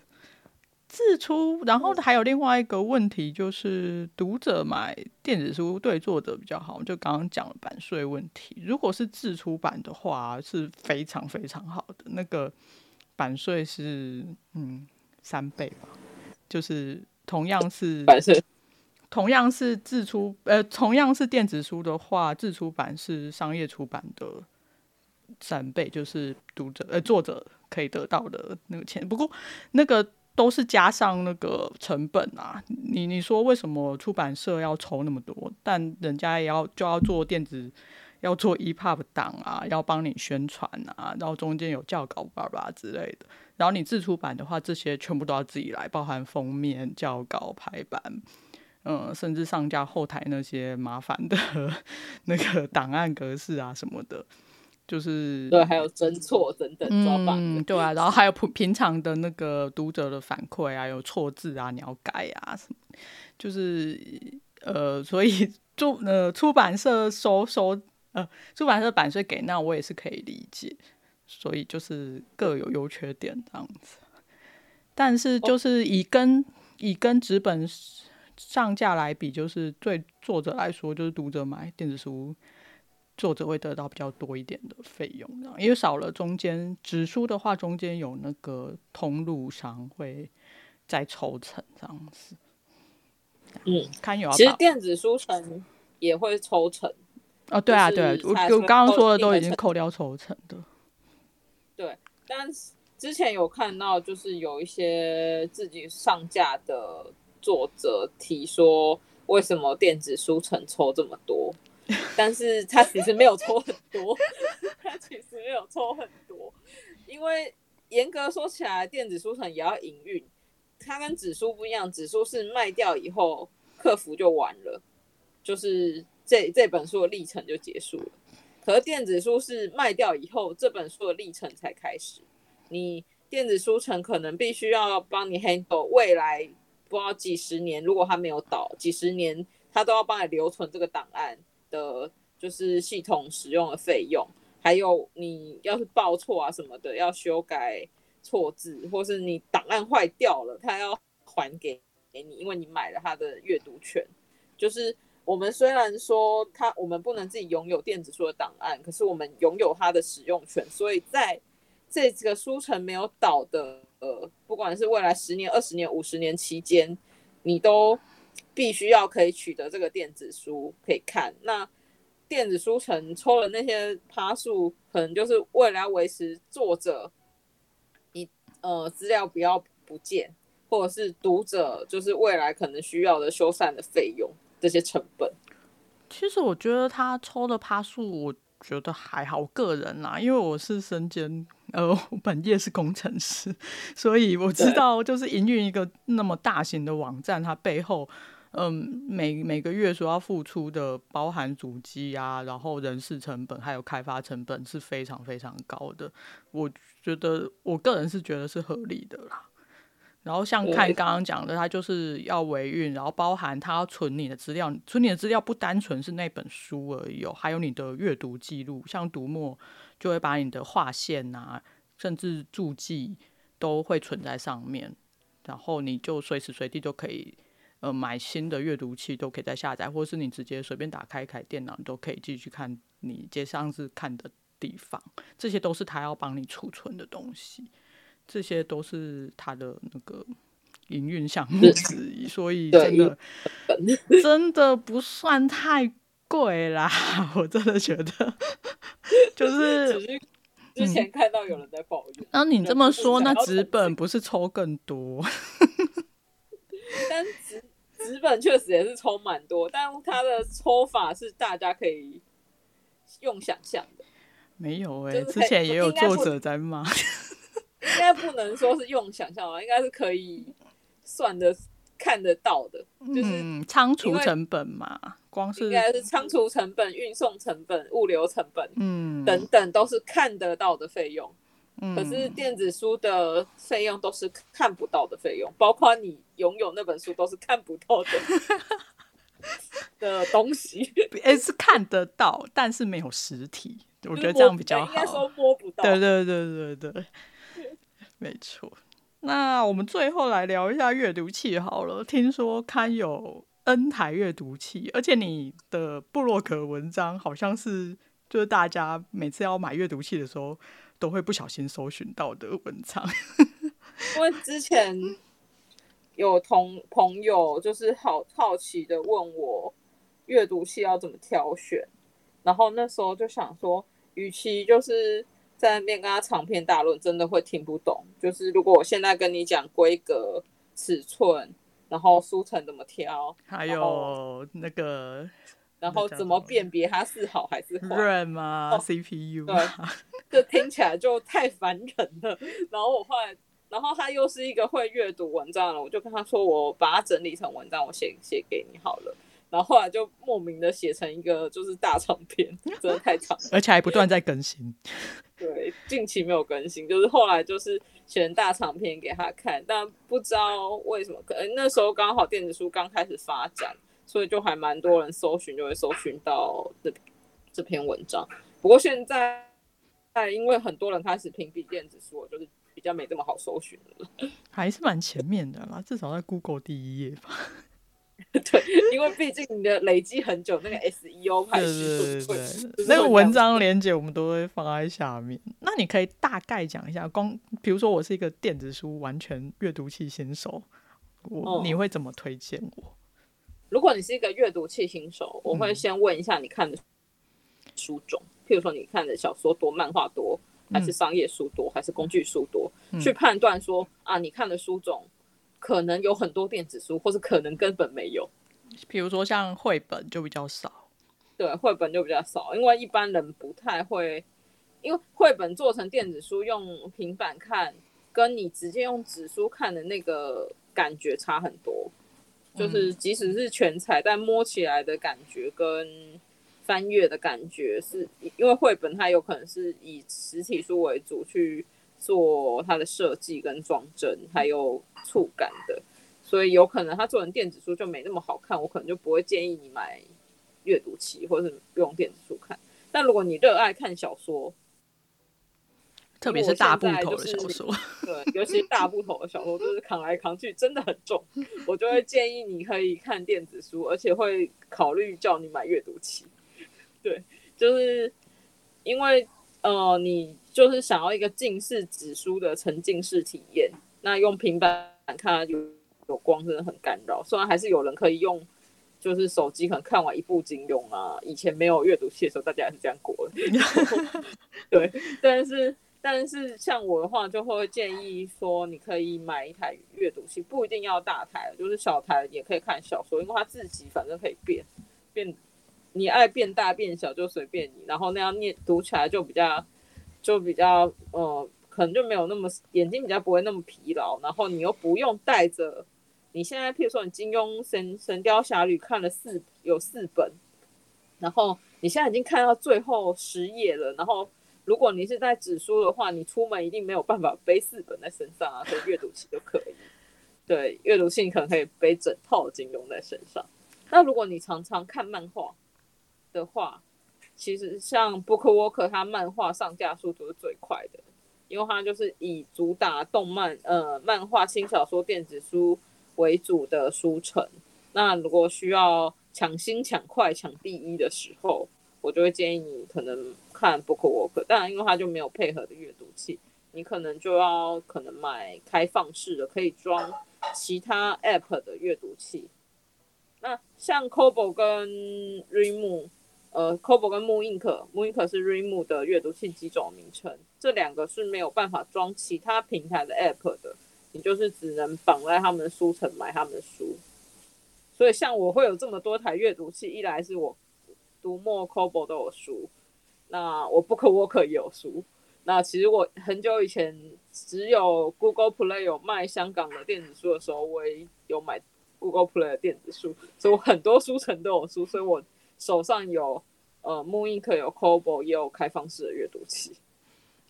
自出，然後還有另外一個問題就是，讀者買電子書對作者比較好。就剛剛講了版稅問題，如果是自出版的話，是非常非常好的，那個版稅是嗯。三倍吧，就是同樣是，反正是同樣是自出呃，同樣是電子書的話，自出版是商業出版的三倍，就是讀者呃作者可以得到的那個錢。不過那個都是加上那個成本啊。你你說為什麼出版社要抽那麼多？但人家也要就要做電子，要做 ePub 檔啊，要幫你宣傳啊，然後中間有校稿、吧叭之類的。然後你自出版的話，這些全部都要自己來，包含封面、校稿、排版，嗯，甚至上架後台那些麻煩的呵呵那個檔案格式啊什麼的，就是對，還有真錯等等知道吧？對啊，然後還有平平常的那個讀者的反饋啊，有錯字啊、你要改啊什麼的，就是呃，所以出呃出版社收收呃出版社版稅給那我也是可以理解。所以就是各有優缺點這樣子，但是就是以跟、哦、以跟紙本上架來比，就是對作者來說，就是讀者買電子書，作者會得到比較多一點的費用，因為少了中間紙書的話，中間有那個通路商會再抽成這樣子。啊、嗯，看有。其實電子書城也會抽成。哦，對啊，對啊，我我剛剛說的都已經扣掉抽成的。但之前有看到，就是有一些自己上架的作者提說，為什麼電子書城抽這麼多？但是他其實沒有抽很多， 他其實沒有抽很多，因為嚴格說起來，電子書城也要營運，它跟紙書不一樣，紙書是賣掉以後，客服就完了，就是這這本書的歷程就結束了。可是電子書是賣掉以後，這本書的歷程才開始。你電子書城可能必須要幫你 handle 未來不知道幾十年，如果它沒有倒，幾十年他都要幫你留存這個檔案的，就是系統使用的費用，還有你要是報錯啊什麼的，要修改錯字，或是你檔案壞掉了，他要還給你，因為你買了他的閱讀權，就是。我們雖然說他，他我們不能自己擁有電子書的檔案，可是我們擁有它的使用權。所以，在這個書城沒有倒的、呃，不管是未來十年、二十年、五十年期間，你都必須要可以取得這個電子書可以看。那電子書城抽了那些趴數，可能就是未來維持作者你呃資料不要不見，或者是讀者就是未來可能需要的修繕的費用。這些成本，其實我覺得他抽的趴數，數我覺得還好。個人啦、啊，因為我是身兼呃本業是工程師，所以我知道，就是營運一個那麼大型的網站，它背後，嗯，每每個月所要付出的，包含主機啊，然後人事成本，還有開發成本是非常非常高的。我覺得我個人是覺得是合理的啦。然後像栞剛剛講的，它、oh. 就是要維運，然後包含它要存你的資料，存你的資料不單純是那本書而已，哦。還有你的閱讀記錄，像讀墨就會把你的劃線啊，甚至注記都會存在上面，然後你就隨時隨地都可以，呃，買新的閱讀器都可以再下載，或是你直接隨便打開一台電腦，你都可以繼續看你接上次看的地方，這些都是它要幫你儲存的東西。這些都是他的那個營運項目之一，是所以真的對真的不算太貴啦。 我真的覺得就是，是之前看到有人在抱怨。那、嗯、你這麼說，嗯、那紙本不是抽更多？ 但紙紙本確實也是抽蠻多，但它的抽法是大家可以用想象的。沒有哎、欸，之前也有作者在罵。 應該不能說是用想象吧，應該是可以算的、看得到的，就是倉儲成本嘛，光是應該是倉儲成本、運送成本、物流成本，嗯，等等都是看得到的費用。嗯、可是電子書的費用都是看不到的費用，包括你擁有那本書都是看不到的 的東西。哎、欸，是看得到，但是沒有實體，我覺得這樣比較好。應該說摸不到的。 不到的對，對對對對對對。沒錯，那我們最後來聊一下閱讀器好了。聽說栞有 N 台閱讀器，而且你的部落格文章好像是就是大家每次要買閱讀器的時候都會不小心搜尋到的文章。因為之前有同朋友就是好好奇的問我閱讀器要怎麼挑選，然後那時候就想說，與其就是。在那邊跟他長篇大論，真的會聽不懂。就是如果我現在跟你講規格、尺寸，然後書城怎麼挑，還有那個，然後怎麼辨別它是好還是壞，RAM 啊、哦，CPU 啊、對，這聽起來就太煩人了。 然後我後來，然後他又是一個會閱讀文章的，我就跟他說，我把它整理成文章，我寫寫給你好了。然後後來就莫名的寫成一個就是大長篇，真的太長了， 而且還不斷在更新。對，近期沒有更新，就是後來就是寫成大長篇給他看，但不知道為什麼，可能那時候剛好電子書剛開始發展，所以就還蠻多人搜尋，就會搜尋到這篇這篇文章。不過現在，因為很多人開始屏蔽電子書，就是比較沒這麼好搜尋了。還是蠻前面的啦，至少在 Google 第一頁吧。 對，因為畢竟你的累積很久， 那個 SEO 還是對對對，那個文章連接我們都會放在下面。那你可以大概講一下，光比如說我是一個電子書完全閱讀器新手，我、哦、你會怎麼推薦我？如果你是一個閱讀器新手，我會先問一下你看的書種，嗯、譬如說你看的小說多、漫畫多，還是商業書多，嗯、還是工具書多，嗯、去判斷說啊，你看的書種。可能有很多電子書，或是可能根本沒有。比如說像繪本就比較少，對，繪本就比較少，因為一般人不太會，因為繪本做成電子書用平板看，跟你直接用紙書看的那個感覺差很多。就是即使是全彩，但摸起來的感覺跟翻閱的感覺是，是因為繪本它有可能是以實體書為主去。做它的設計跟裝幀，還有觸感的，所以有可能它做成電子書就沒那麼好看，我可能就不會建議你買閱讀器或者是用電子書看。但如果你熱愛看小說，特別是大部頭的小說就是，對，尤其大部頭的小說都 是扛來扛去真的很重，我就會建議你可以看電子書，而且會考慮叫你買閱讀器。對，就是因為呃你。就是想要一個近似紙書的沉浸式體驗，那用平板看它就有光真的很干擾。雖然還是有人可以用，就是手機可能看完一部金庸啊，以前沒有閱讀器的時候，大家也是這樣過的。 對，但是但是像我的話，就會建議說，你可以買一台閱讀器，不一定要大台，就是小台也可以看小說，因為它自己反正可以變變，你愛變大變小就隨便你。然後那樣念讀起來就比較。就比較，呃，可能就沒有那麼眼睛比較不會那麼疲勞，然後你又不用帶着。你現在，譬如說你金庸神《神神鵰俠侶》看了四有四本，然後你現在已經看到最後十頁了。然後如果你是在紙書的話，你出門一定沒有辦法背四本在身上啊，所以閱讀器就可以。 對，閱讀器你可能可以背整套的金庸在身上。那如果你常常看漫畫的話，其實像 BookWalker 它漫畫上架速度是最快的，因為它就是以主打動漫、呃漫畫、輕小說、電子書為主的書城。那如果需要搶新、搶快、搶第一的時候，我就會建議你可能看 BookWalker。當然，因為它就沒有配合的閱讀器，你可能就要可能買開放式的可以裝其他 App 的閱讀器。那像 Kobo 跟 Readmoo 呃 Kobo 跟 mooInk mooInk 是 Readmoo 的閱讀器機種名稱，這兩個是沒有辦法裝其他平台的 App 的，你就是只能綁在他們的書城買他們的書。所以像我會有這麼多台閱讀器，一來是我讀墨 Kobo 都有書，那我 BookWalker 也有書，那其實我很久以前只有 Google Play 有賣香港的電子書的時候，我也有買 Google Play 的電子書，所以我很多書城都有書，所以我。手上有呃木印克有 Kobo 也有開放式的閱讀器。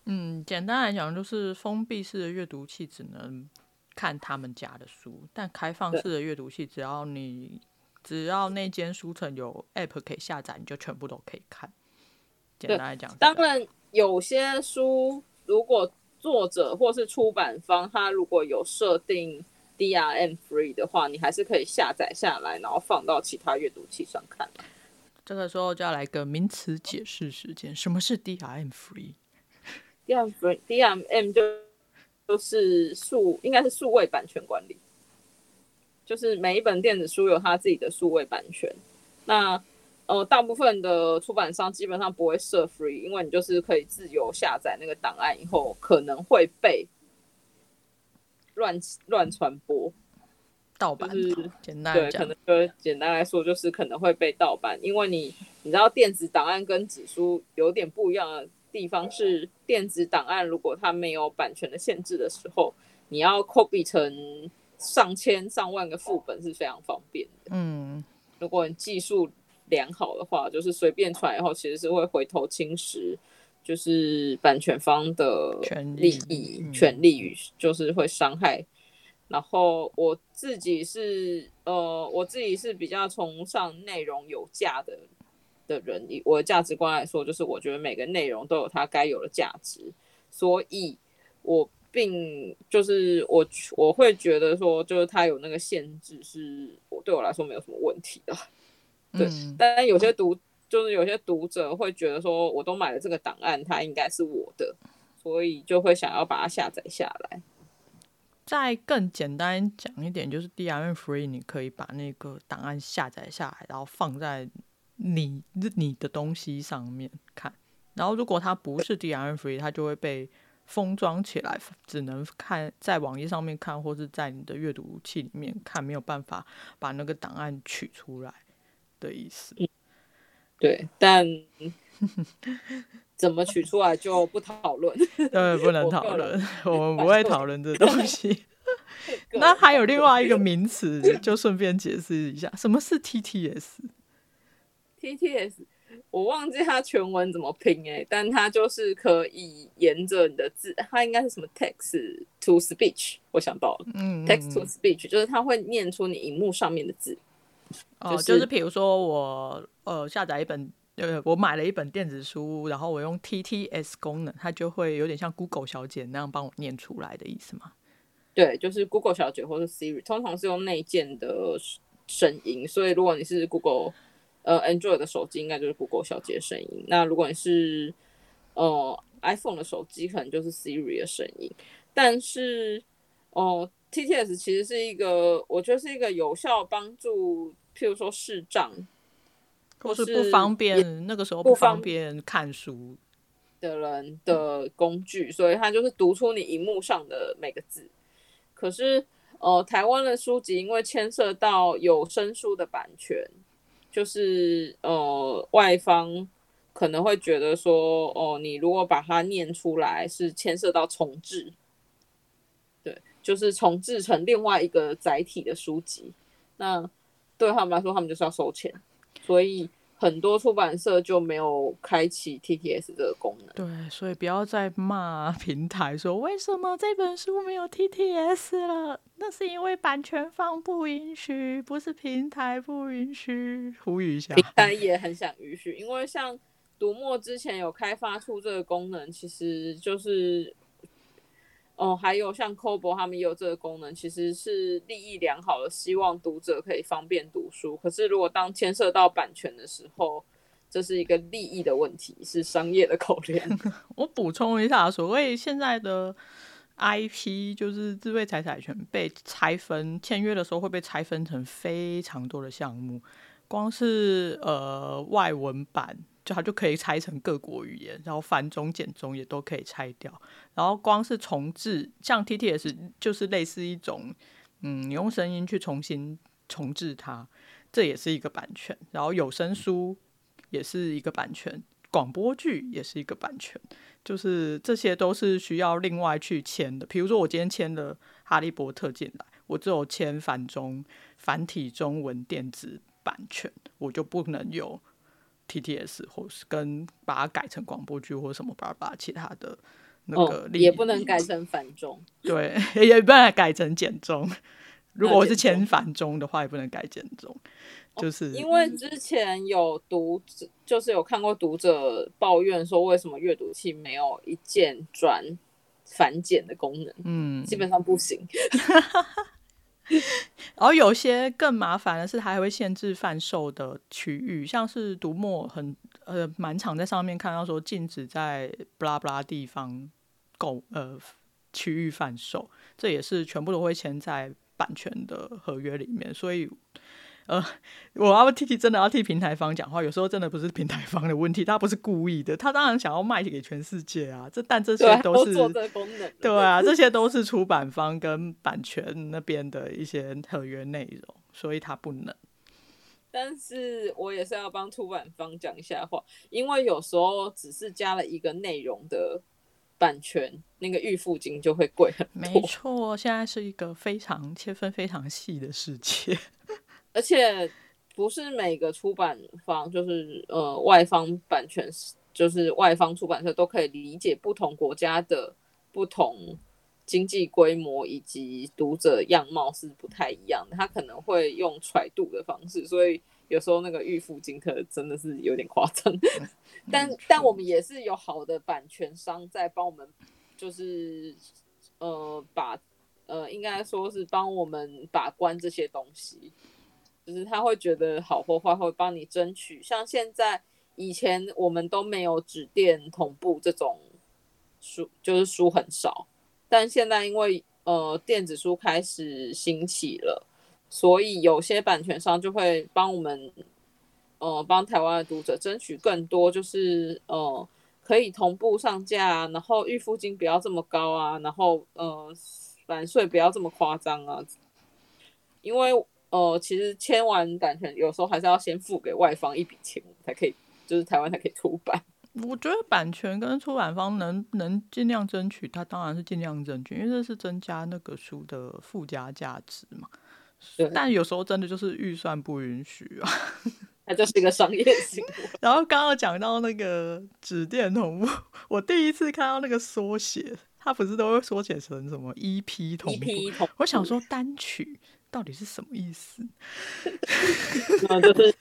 嗯，簡單來講就是封閉式的閱讀器只能看他們家的書，但開放式的閱讀器，只要你對只要那間書城有 App 可以下載，你就全部都可以看。簡單來講，當然有些書如果作者或是出版方他如果有設定 DRM free 的話，你還是可以下載下來，然後放到其他閱讀器上看。這個時候就要來個名詞解釋時間。什麼是 DRM-free？DRM DRM 就是、就是數應該是數位版權管理，就是每一本電子書有它自己的數位版權。那呃，大部分的出版商基本上不會設 free，因為你就是可以自由下載那個檔案以後，可能會被亂亂傳播。版，就是簡單講，對，可能呃，簡單來說就是可能會被盜版，因為你你知道電子檔案跟紙書有點不一樣的地方是，電子檔案如果它沒有版權的限制的時候，你要 copy 成上千上萬個副本是非常方便的。嗯，如果你技術良好的話，就是隨便出來以後，其實是會回頭侵蝕，就是版權方的利益、權利，嗯、權就是會傷害。然後我自己是，呃，我自己是比較崇尚內容有價的的人，以我的價值觀來說，就是我覺得每個內容都有它該有的價值，所以我並就是我我會覺得說，就是它有那個限制是，是我對我來說沒有什麼問題的。對，嗯，但有些讀就是有些讀者會覺得說，我都買了這個檔案，它應該是我的，所以就會想要把它下載下來。再更簡單講一點，就是 DRM-free，你可以把那個檔案下載下來，然後放在你你的東西上面看。然後如果它不是 DRM-free，它就會被封裝起來，只能看在網頁上面看，或是在你的閱讀器裡面看，沒有辦法把那個檔案取出來的意思。對，但。 怎麼取出來就不討論，對，不能討論，我們不,不會討論這東西。 那還有另外一個名詞，就順便解釋一下，什麼是 TTS？TTS 我忘記它全文怎麼拼哎、欸，但它就是可以沿着你的字，它應該是什麼？Text to Speech，我想到了，嗯,嗯，Text to Speech 就是它會念出你熒幕上面的字。就是、哦，就是比如說我呃下載一本。對，我買了一本電子書，然後我用 TTS 功能，它就會有點像 Google 小姐那樣幫我念出來的意思嗎？對，就是 Google 小姐或是 Siri，通常是用內建的聲音。所以如果你是 Google，呃，Android 的手機，應該就是 Google 小姐的聲音。那如果你是呃 iPhone 的手機，可能就是 Siri 的聲音。但是，哦、呃，TTS 其實是一個，我覺得是一個有效幫助，譬如說視障。或是不方便也那個時候不方便看書的人的工具，所以他就是讀出你熒幕上的每個字。可是，呃，台灣的書籍因為牽涉到有聲書的版權，就是呃，外方可能會覺得說，哦、呃，你如果把它念出來，是牽涉到重製，對，就是重制成另外一個載體的書籍。那對他們來說，他們就是要收錢。所以很多出版社就沒有開啟 TTS 這個功能。對，所以不要再罵平台說為什麼這本書沒有 TTS 了，那是因為版權方不允許，不是平台不允許。呼籲、嗯、一下，平台也很想允許，因為像讀墨之前有開發出這個功能，其實就是。哦，還有像 Kobo 他們也有這個功能，其實是利益良好的，希望讀者可以方便讀書。可是如果當牽涉到版權的時候，這是一個利益的問題，是商業的考量。 我補充一下，所謂現在的 IP 就是智慧財產權被拆分，簽約的時候會被拆分成非常多的項目，光是呃外文版。就它就可以拆成各國語言，然後繁中簡中也都可以拆掉。然後光是重製，像 TTS 就是類似一種，嗯，你用聲音去重新重製它，這也是一個版權。然後有聲書也是一個版權，廣播劇也是一個版權，就是這些都是需要另外去簽的。比如說我今天簽了《哈利波特》進來，我只有簽繁中繁體中文電子版權，我就不能有。TTS，或是跟把它改成廣播劇，或者什麼，把它把其他的那個、哦、也不能改成繁中，對，也不能改成簡中。簡中如果我是前繁中的話，也不能改簡中，就是因為之前有讀，就是有看過讀者抱怨說，為什麼閱讀器沒有一鍵轉繁簡的功能？嗯，基本上不行。 然後有些更麻煩的是，它還會限制販售的區域，像是讀墨很呃，蠻常在上面看到說，禁止在布拉布拉地方購呃，區域販售，這也是全部都會簽在版權的合約裡面，所以。呃，我要替真的要替平台方講話，有時候真的不是平台方的問題，他不是故意的，他當然想要賣給全世界啊。這但這些都是、啊、做這功能，對啊， 這些都是出版方跟版權那邊的一些合約內容，所以他不能。但是我也是要幫出版方講一下話，因為有時候只是加了一個內容的版權，那個預付金就會貴很多。沒錯，現在是一個非常切分非常細的世界。而且不是每個出版方就是呃外方版權，就是外方出版社都可以理解不同國家的不同經濟規模以及讀者樣貌是不太一樣的。他可能會用揣度的方式，所以有時候那個預付金可真的是有點誇張。 但但我們也是有好的版權商在幫我們，就是呃把呃應該說是幫我們把關這些東西。就是他會覺得好或壞，會幫你爭取。像現在以前我們都沒有紙電同步這種書，就是書很少。但現在因為呃電子書開始興起了，所以有些版權商就會幫我們，呃幫台灣的讀者爭取更多，就是呃可以同步上架啊，然後預付金不要這麼高啊，然後呃版稅不要這麼誇張啊，因為。哦，其實簽完版權，有時候還是要先付給外方一筆錢才可以，就是台灣才可以出版。我覺得版權跟出版方能能盡量爭取，他當然是盡量爭取，因為這是增加那個書的附加價值嘛。對但有時候真的就是預算不允許啊，那就是一個商業性。 然後剛剛講到那個紙電同步，我第一次看到那個縮寫，他不是都會縮寫成什麼 EP 同步？同步我想說單曲。到底是什麼意思？然後就是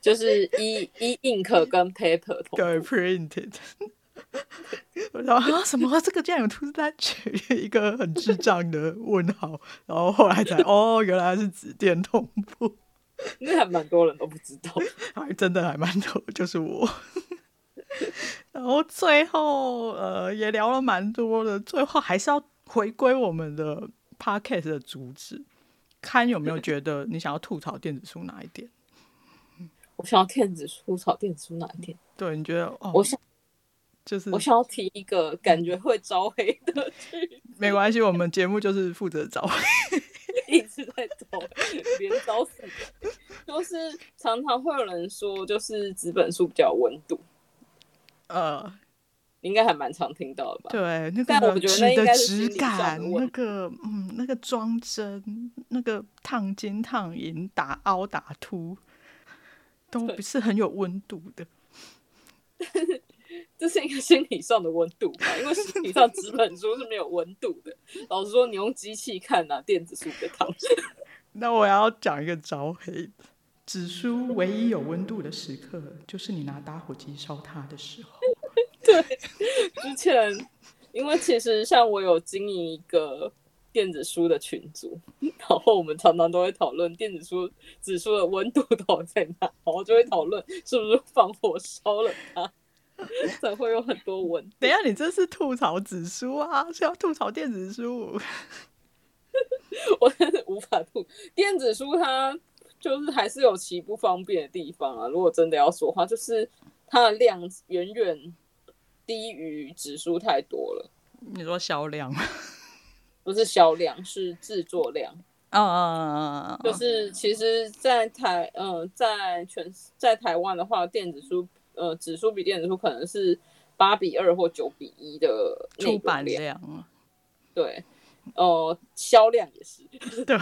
就是一一 ink 跟 paper，對 printed。我說什麼？這個竟然有突然？一個很智障的問號。然後後來才哦，原來是紙電同步。那 還蠻多人都不知道，還真的還蠻多，就是我。 然後最後呃，也聊了蠻多的，最後還是要回歸我們的 podcast 的主旨。看有沒有覺得你想要吐槽電子書哪一點？我想要電子書，吵電子書哪一點？對，你覺得哦，我想就是我想要提一個感覺會招黑的句子。沒關係，我們節目就是負責招黑， 一直在招，別人招死。就是常常會有人說，就是紙本書比較有溫度。呃。應該還蠻常聽到的吧？對，那個紙的質感，那，那個嗯，那個裝幀，那個燙金、燙銀、打凹、打凸，都不是很有溫度的。但是對 這是一個心理上的溫度吧？因為實體上紙本書是沒有溫度的。 老實說，你用機器看啊，電子書的燙 那我要講一個招黑。紙書唯一有溫度的時刻，就是你拿打火機燒它的時候。對，之前因為其實像我有經營一個電子書的群組，然後我們常常都會討論電子書紙書的溫度到底在哪？然後就會討論是不是放火燒了它，才會有很多溫。等下你這是吐槽紙書啊，是要吐槽電子書？ 我真是無法吐，電子書它就是還是有其不方便的地方啊。如果真的要說的話，就是它的量遠遠。低於紙書太多了。你說銷量？ 不是銷量，是制作量。嗯嗯嗯，就是其實，在台，嗯、呃，在全，在台灣的話，電子書，呃，紙書比電子書可能是八比二或九比一的出版量。對，哦、呃，銷量也是。 對，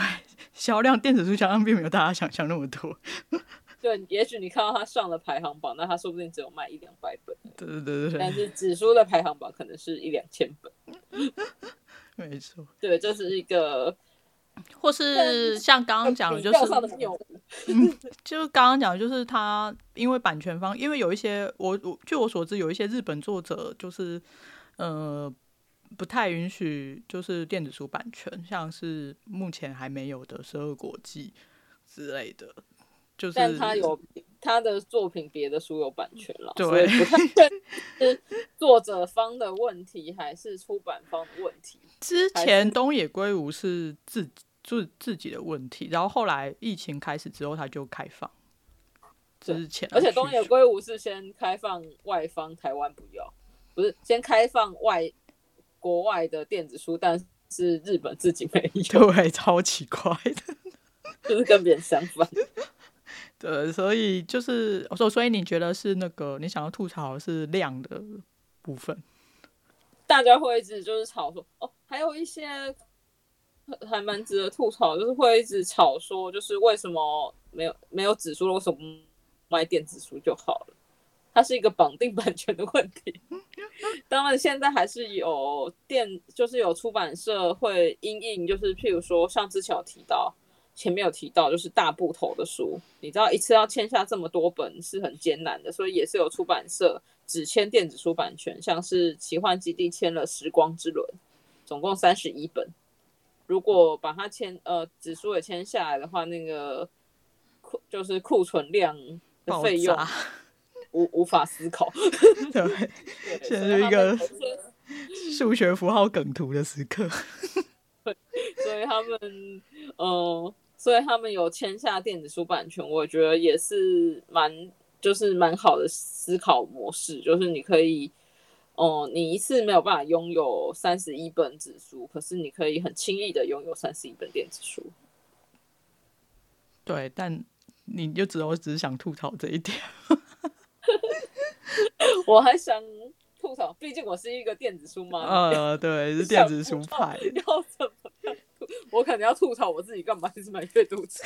銷量電子書銷量並沒有大家想象那麼多。 對，也許你看到他上了排行榜，那他說不定只有賣一兩百本，對對對，但是紙書的排行榜可能是一兩千本， 沒錯錯。對，這是一個，或是像剛剛講的，就是，呃、就是剛剛講的，就是他因為版權方， 因為有一些我我據我所知，有一些日本作者就是呃不太允許就是電子書版權，像是目前還沒有的《十二國記》之類的。就是、但他有他的作品，別的書有版權了，對以， 是作者方的問題，還是出版方的問題？之前東野圭吾是自己是自，自，自己的問題，然後後來疫情開始之後，他就開放。之前對前、啊，而且東野圭吾是先開放外方，台灣不要，不是先開放外國外的電子書，但是日本自己沒有，對，超奇怪的，就是跟別人相反。呃，所以就是，我說，所以你覺得是那個你想要吐槽是量的部分，大家會一直就是吵說哦，還有一些還蠻值得吐槽，就是會一直吵說，就是為什麼沒有沒有紙書為什麼買電子書就好了？它是一個綁定版權的問題。 當然，現在還是有電，就是有出版社會印印，就是譬如說，像之前有提到。前面有提到，就是大部頭的書，你知道一次要簽下這麼多本是很艱難的，所以也是有出版社只簽電子出版權，像是奇幻基地簽了《時光之輪》，總共三十一本。如果把它簽呃紙書也簽下來的話，那個庫就是庫存量的費用炸無無法思考， 對，現在對是一個數學符號梗圖的時刻， 對所以他們呃。所以他們有簽下電子書版權，我覺得也是蠻，就是蠻好的思考模式，就是你可以，哦、嗯，你一次沒有辦法擁有三十一本紙書，可是你可以很輕易的擁有三十一本電子書。對，但你就只，我只是想吐槽這一點。 我還想吐槽，畢竟我是一個電子書嘛、啊、對，是電子書派。 要怎麼樣？ 我可能要吐槽我自己，幹嘛一直買閱讀器？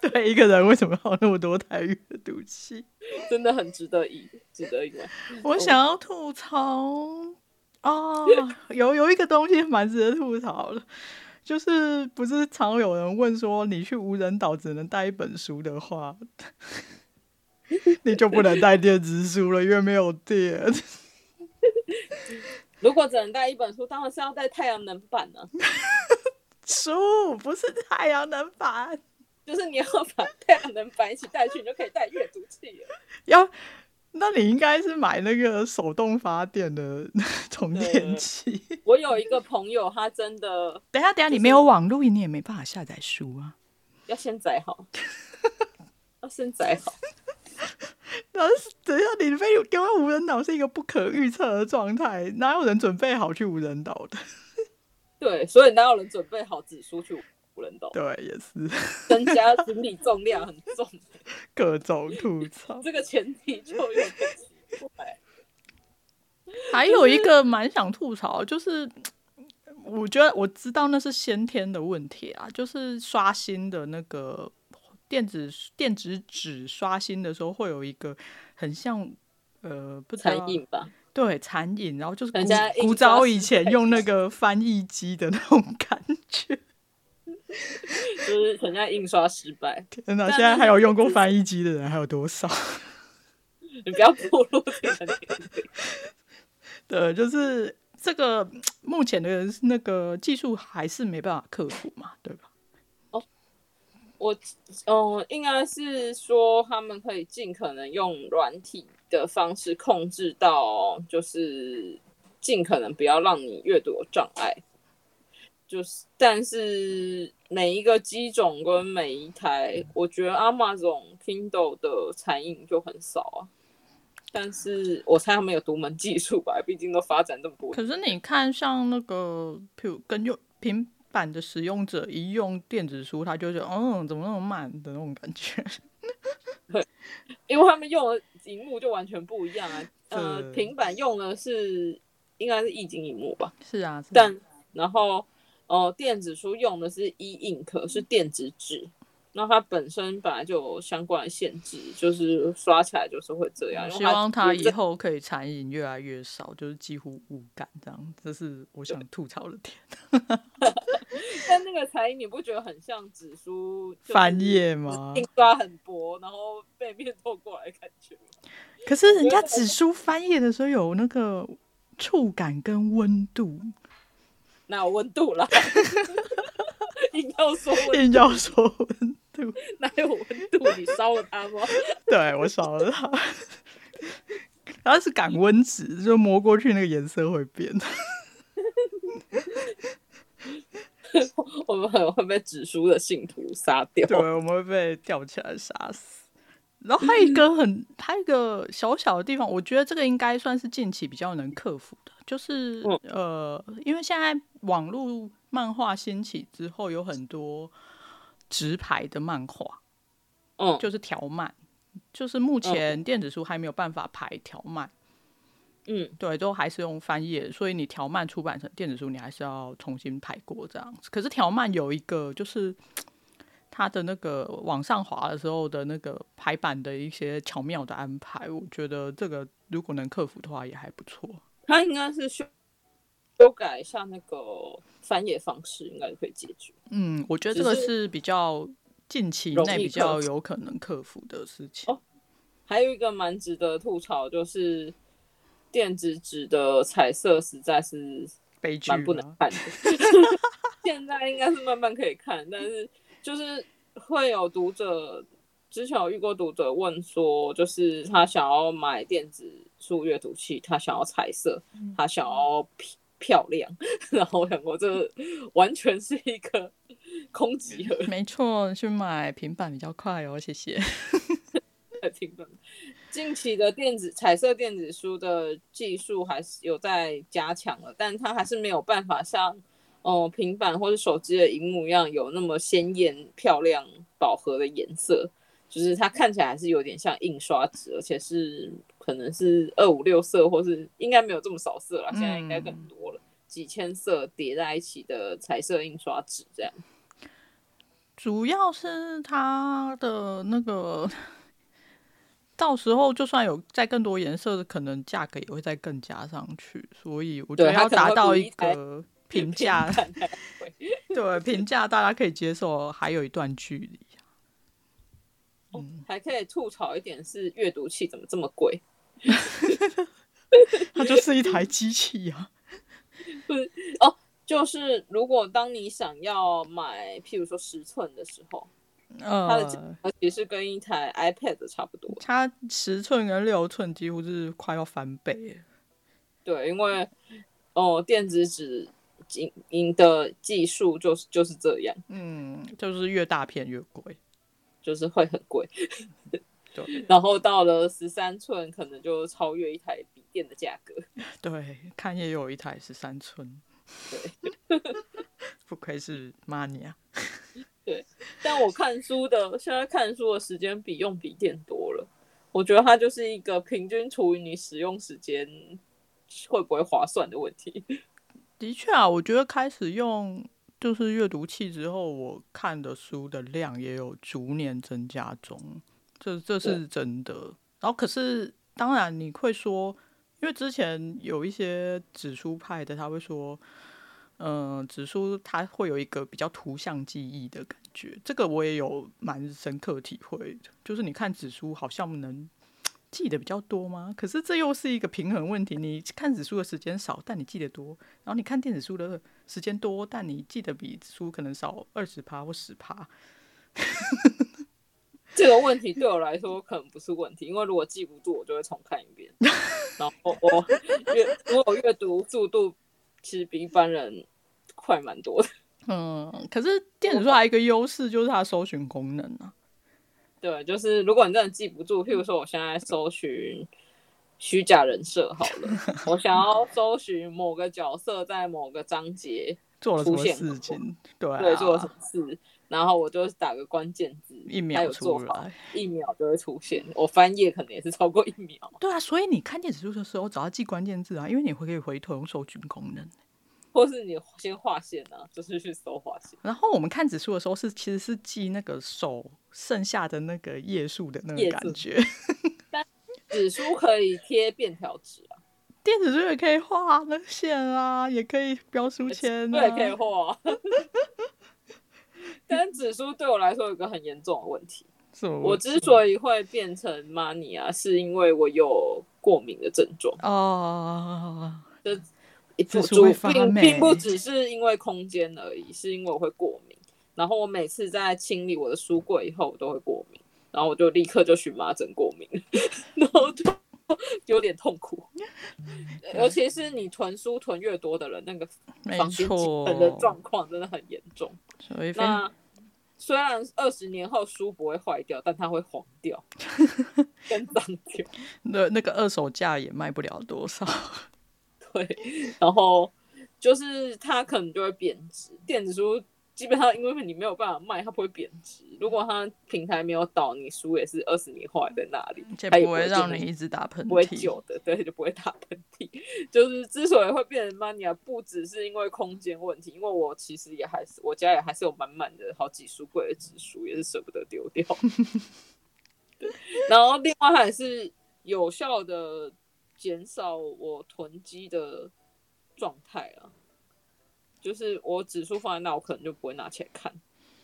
對，一個人為什麼要那麼多台閱讀器？真的很值得一值得疑。 我想要吐槽哦，有有一個東西蠻值得吐槽的，就是不是常有人問說，你去無人島只能帶一本書的話， 你就不能帶電子書了， 因為沒有電。 如果只能帶一本書，當然是要帶太陽能板了、啊。書不是太陽能板，就是你要把太陽能板一起帶去， 你就可以帶閱讀器了。要，那你應該是買那個手動發電的充電器。我有一個朋友，他真的……等下，等下，就是、你沒有網絡，你也沒辦法下載書啊！要先載好， 要先載好。 然後等一下你被，你飛，因為無人島是一個不可預測的狀態，哪有人準備好去無人島的？對，所以哪有人準備好紙書去無人島？對，也是，增加行李重量很重， 各種吐槽。 這個前提就有點奇怪。還有一個蠻想吐槽，就是我覺得我知道那是先天的問題啊，就是刷新的那個電子電子紙刷新的時候，會有一個很像呃殘影吧。不知道對，殘影，然後就是古很古早以前用那個翻譯機的那種感覺，就是存在印刷失敗。天哪，現在還有用過翻譯機的人 還有多少？你不要暴露年齡。 你對，就是這個目前的人，那個技術還是沒辦法克服嘛，對吧？我，嗯、呃，應該是說他們可以盡可能用軟體的方式控制到，就是盡可能不要讓你閱讀有障礙，就是，但是每一個機種跟每一台，我覺得 Amazon Kindle 的殘影就很少啊。但是我猜他們有獨門技術吧，畢竟都發展這麼多。可是你看，像那個，譬如跟用平。版的使用者一用電子書，他就覺得嗯，怎麼那麼慢的那種感覺。對，因為他們用的熒幕就完全不一樣啊。這呃，平板用的是應該是液晶熒幕吧？是啊。但是啊然後哦、呃，電子書用的是 e ink 是電子紙，那它本身本來就有相關的限制，就是刷起來就是會這樣。希望它以後可以殘影越來越少，就是幾乎無感這樣。這是我想吐槽的點。對 但那個彩印你不覺得很像紙書翻頁嗎？印刷很薄，然後背面透過來感覺。可是人家紙書翻頁的時候有那個觸感跟溫度，哪有溫度了？硬 要說溫度，硬要說溫度， 哪有溫度？你燒了它嗎？ 對，我燒了它，它 是感溫紙，就摸過去那個顏色會變。 我們很會被紙書的信徒殺掉，對，我們會被吊起來殺死。然後還有一個很，還有 一個小小的地方，我覺得這個應該算是近期比較能克服的，就是、嗯、呃，因為現在網絡漫畫興起之後，有很多直排的漫畫，哦、嗯，就是條漫，就是目前電子書還沒有辦法排條漫。嗯嗯，對，都還是用翻頁，所以你條漫出版成電子書，你還是要重新排過這樣子。可是條漫有一個，就是它的那個往上滑的時候的那個排版的一些巧妙的安排，我覺得這個如果能克服的話，也還不錯。它應該是修修改一下那個翻頁方式，應該就可以解決。嗯，我覺得這個是比較近期內比較有可能克服的事情。哦，還有一個蠻值得吐槽就是。電子紙的彩色實在是悲劇，蠻不能看的。 現在應該是慢慢可以看，但是就是會有讀者， 之前有遇過讀者問說，就是他想要買電子書閱讀器，他想要彩色，嗯、他想要漂亮， 然後我想說，這完全是一個空集合。沒錯，去買平板比較快哦，謝謝。平板。近期的電子彩色電子書的技術還是有在加強了，但它還是沒有辦法像哦、呃、平板或者手機的熒幕一樣有那麼鮮豔、漂亮、飽和的顏色，就是它看起來還是有點像印刷紙，而且是可能是二五六色，或是應該沒有這麼少色了，現在應該更多了，嗯、幾千色疊在一起的彩色印刷紙這樣。主要是它的那個。到時候就算有再更多顏色的，可能價格也會再更加上去，所以我覺得要達到一個平價，對平價 大家可以接受，還有一段距離。哦嗯、還可以吐槽一點是閱讀器怎麼這麼貴？ 它就是一台機器呀、啊。不是哦，就是如果當你想要買，譬如說十寸的時候。嗯、它的其實跟一台 iPad 差不多，差十寸跟六寸幾乎是快要翻倍。對，因為哦，電子紙經營的技術就是就是這樣，嗯，就是越大片越貴，就是會很貴。 對，然後到了十三寸，可能就超越一台筆電的價格。對，栞也有一台十三寸，對 不愧是 m 媽尼啊！ 對，但我看書的現在看書的時間比用筆電多了，我覺得它就是一個平均除以你使用時間會不會划算的問題。的確啊，我覺得開始用就是閱讀器之後，我看的書的量也有逐年增加中，這這是真的。我然後可是當然你會說，因為之前有一些紙書派的，他會說。嗯，紙、呃、書它會有一個比較圖像記憶的感覺，這個我也有蠻深刻的體會，就是你看紙書好像能記得比較多嗎？可是這又是一個平衡問題。你看紙書的時間少，但你記得多；然後你看電子書的時間多，但你記得比紙書可能少二十趴或十趴。這個問題對我來說可能不是問題， 因為如果記不住，我就會重看一遍。 然後我閱，我有閱讀速度，其實比一般人快蠻多的。嗯，可是電子書還有一個優勢，就是它的搜尋功能啊。對，就是如果你真的記不住，譬如說，我現在搜尋虛假人設好了， 我想要搜尋某個角色在某個章節做了什麼事情，對啊，對，做了什麼事。然後我就打個關鍵字，一秒出來，一秒就會出現。我翻頁可能也是超過一秒。對啊，所以你看電子書的時候，我只要記關鍵字啊，因為你會可以回頭用搜尋功能，或是你先畫線啊，就是去搜畫線。然後我們看紙書的時候是，是其實是記那個手剩下的那個頁數的那個感覺。數 但紙書可以貼便條紙啊，電子書也可以畫那線啊，也可以標書籤、啊，對，可以畫、啊。 但紙書對我來說有個很嚴重的問題，是我，我之所以會變成 Mania 啊，是因為我有過敏的症狀哦，就這紙書並並不只是因為空間而已，是因為我會過敏。 然後我每次在清理我的書櫃以後，我都會過敏，然後我就立刻就蕁麻疹過敏，然後就。 有點痛苦，尤其，嗯、是你囤書囤越多的人，沒錯那個房間的狀況真的很嚴重。所以那雖然二十年後書不會壞掉，但它會黃掉、變髒 那那個二手價也賣不了多少。 對，然後就是它可能就會貶值。電子書。基本上，因為你沒有辦法賣，它不會貶值。如果它平台沒有倒，你書也是二十年後還在那裡，它不會讓你一直打噴嚏，不會久的，對，就不會打噴嚏。 就是之所以會變成 mania，不只是因為空間問題，因為我其實也還是，我家也還是有滿滿的，好幾書櫃的紙書，也是捨不得丟掉。 然後另外還是有效的減少我囤積的狀態啊。就是我紙書放在那，我可能就不會拿起來看，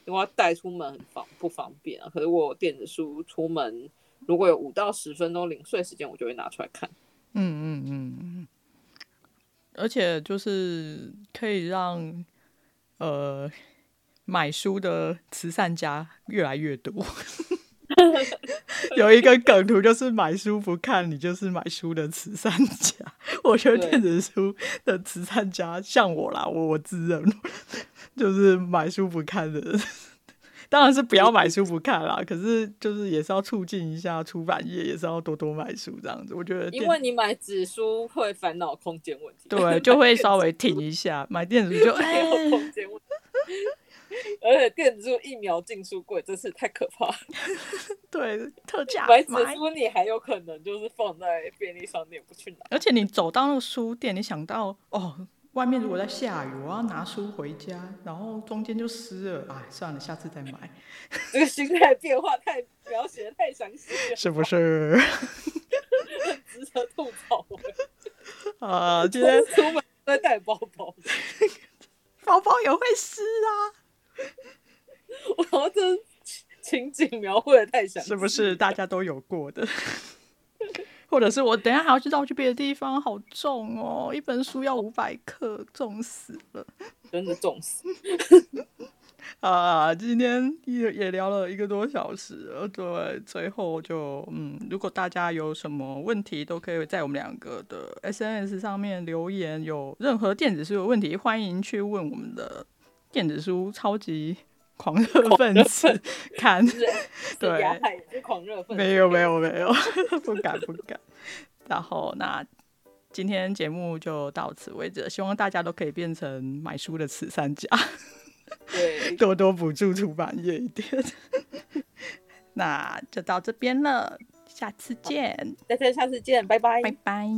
因為帶出門很方不方便啊。可是我電子書出門，如果有五到十分鐘零碎時間，我就會拿出來看。嗯嗯嗯，而且就是可以讓呃買書的慈善家越來越多。 有一個梗圖就是買書不看，你就是買書的慈善家。我覺得電子書的慈善家像我啦，我我自認就是買書不看的。當然是不要買書不看啦，可是就是也是要促進一下出版業，也是要多多買書這樣子。我覺得，因為你買紙書會煩惱空間問題，對，就會稍微停一下買電子書，就沒有空間問題。 而且電子書一秒進書櫃，真是太可怕了。 對，特價買，買書你還有可能就是放在便利商店不去拿，而且你走到那個書店，你想到哦，外面如果在下雨，啊、我要拿書回家，然後中間就濕了，哎，算了，下次再買。這個心態變化太描寫的太詳細了，是不是？很值得吐槽啊！今天出門在帶包包，包包 也會濕啊。我好像的情景描繪的太像，是不是？大家都有過的， 或者是我等一下還要去到去別的地方，好重哦，一本書要五百克，重死了，真的重死。 啊，今天也也聊了一個多小時，對，最後就嗯，如果大家有什麼問題，都可以在我們兩個的 S N S 上面留言，有任何電子書有問題，歡迎去問我們的。電子書超級狂熱分子熱分看，是對沒，沒有沒有沒有，不敢 不敢。不敢 然後那今天節目就到此為止，希望大家都可以變成買書的慈善家，對，多多補助出版業一點。 那就到這邊了，下次見，再見好，大家下次見，拜拜，拜拜。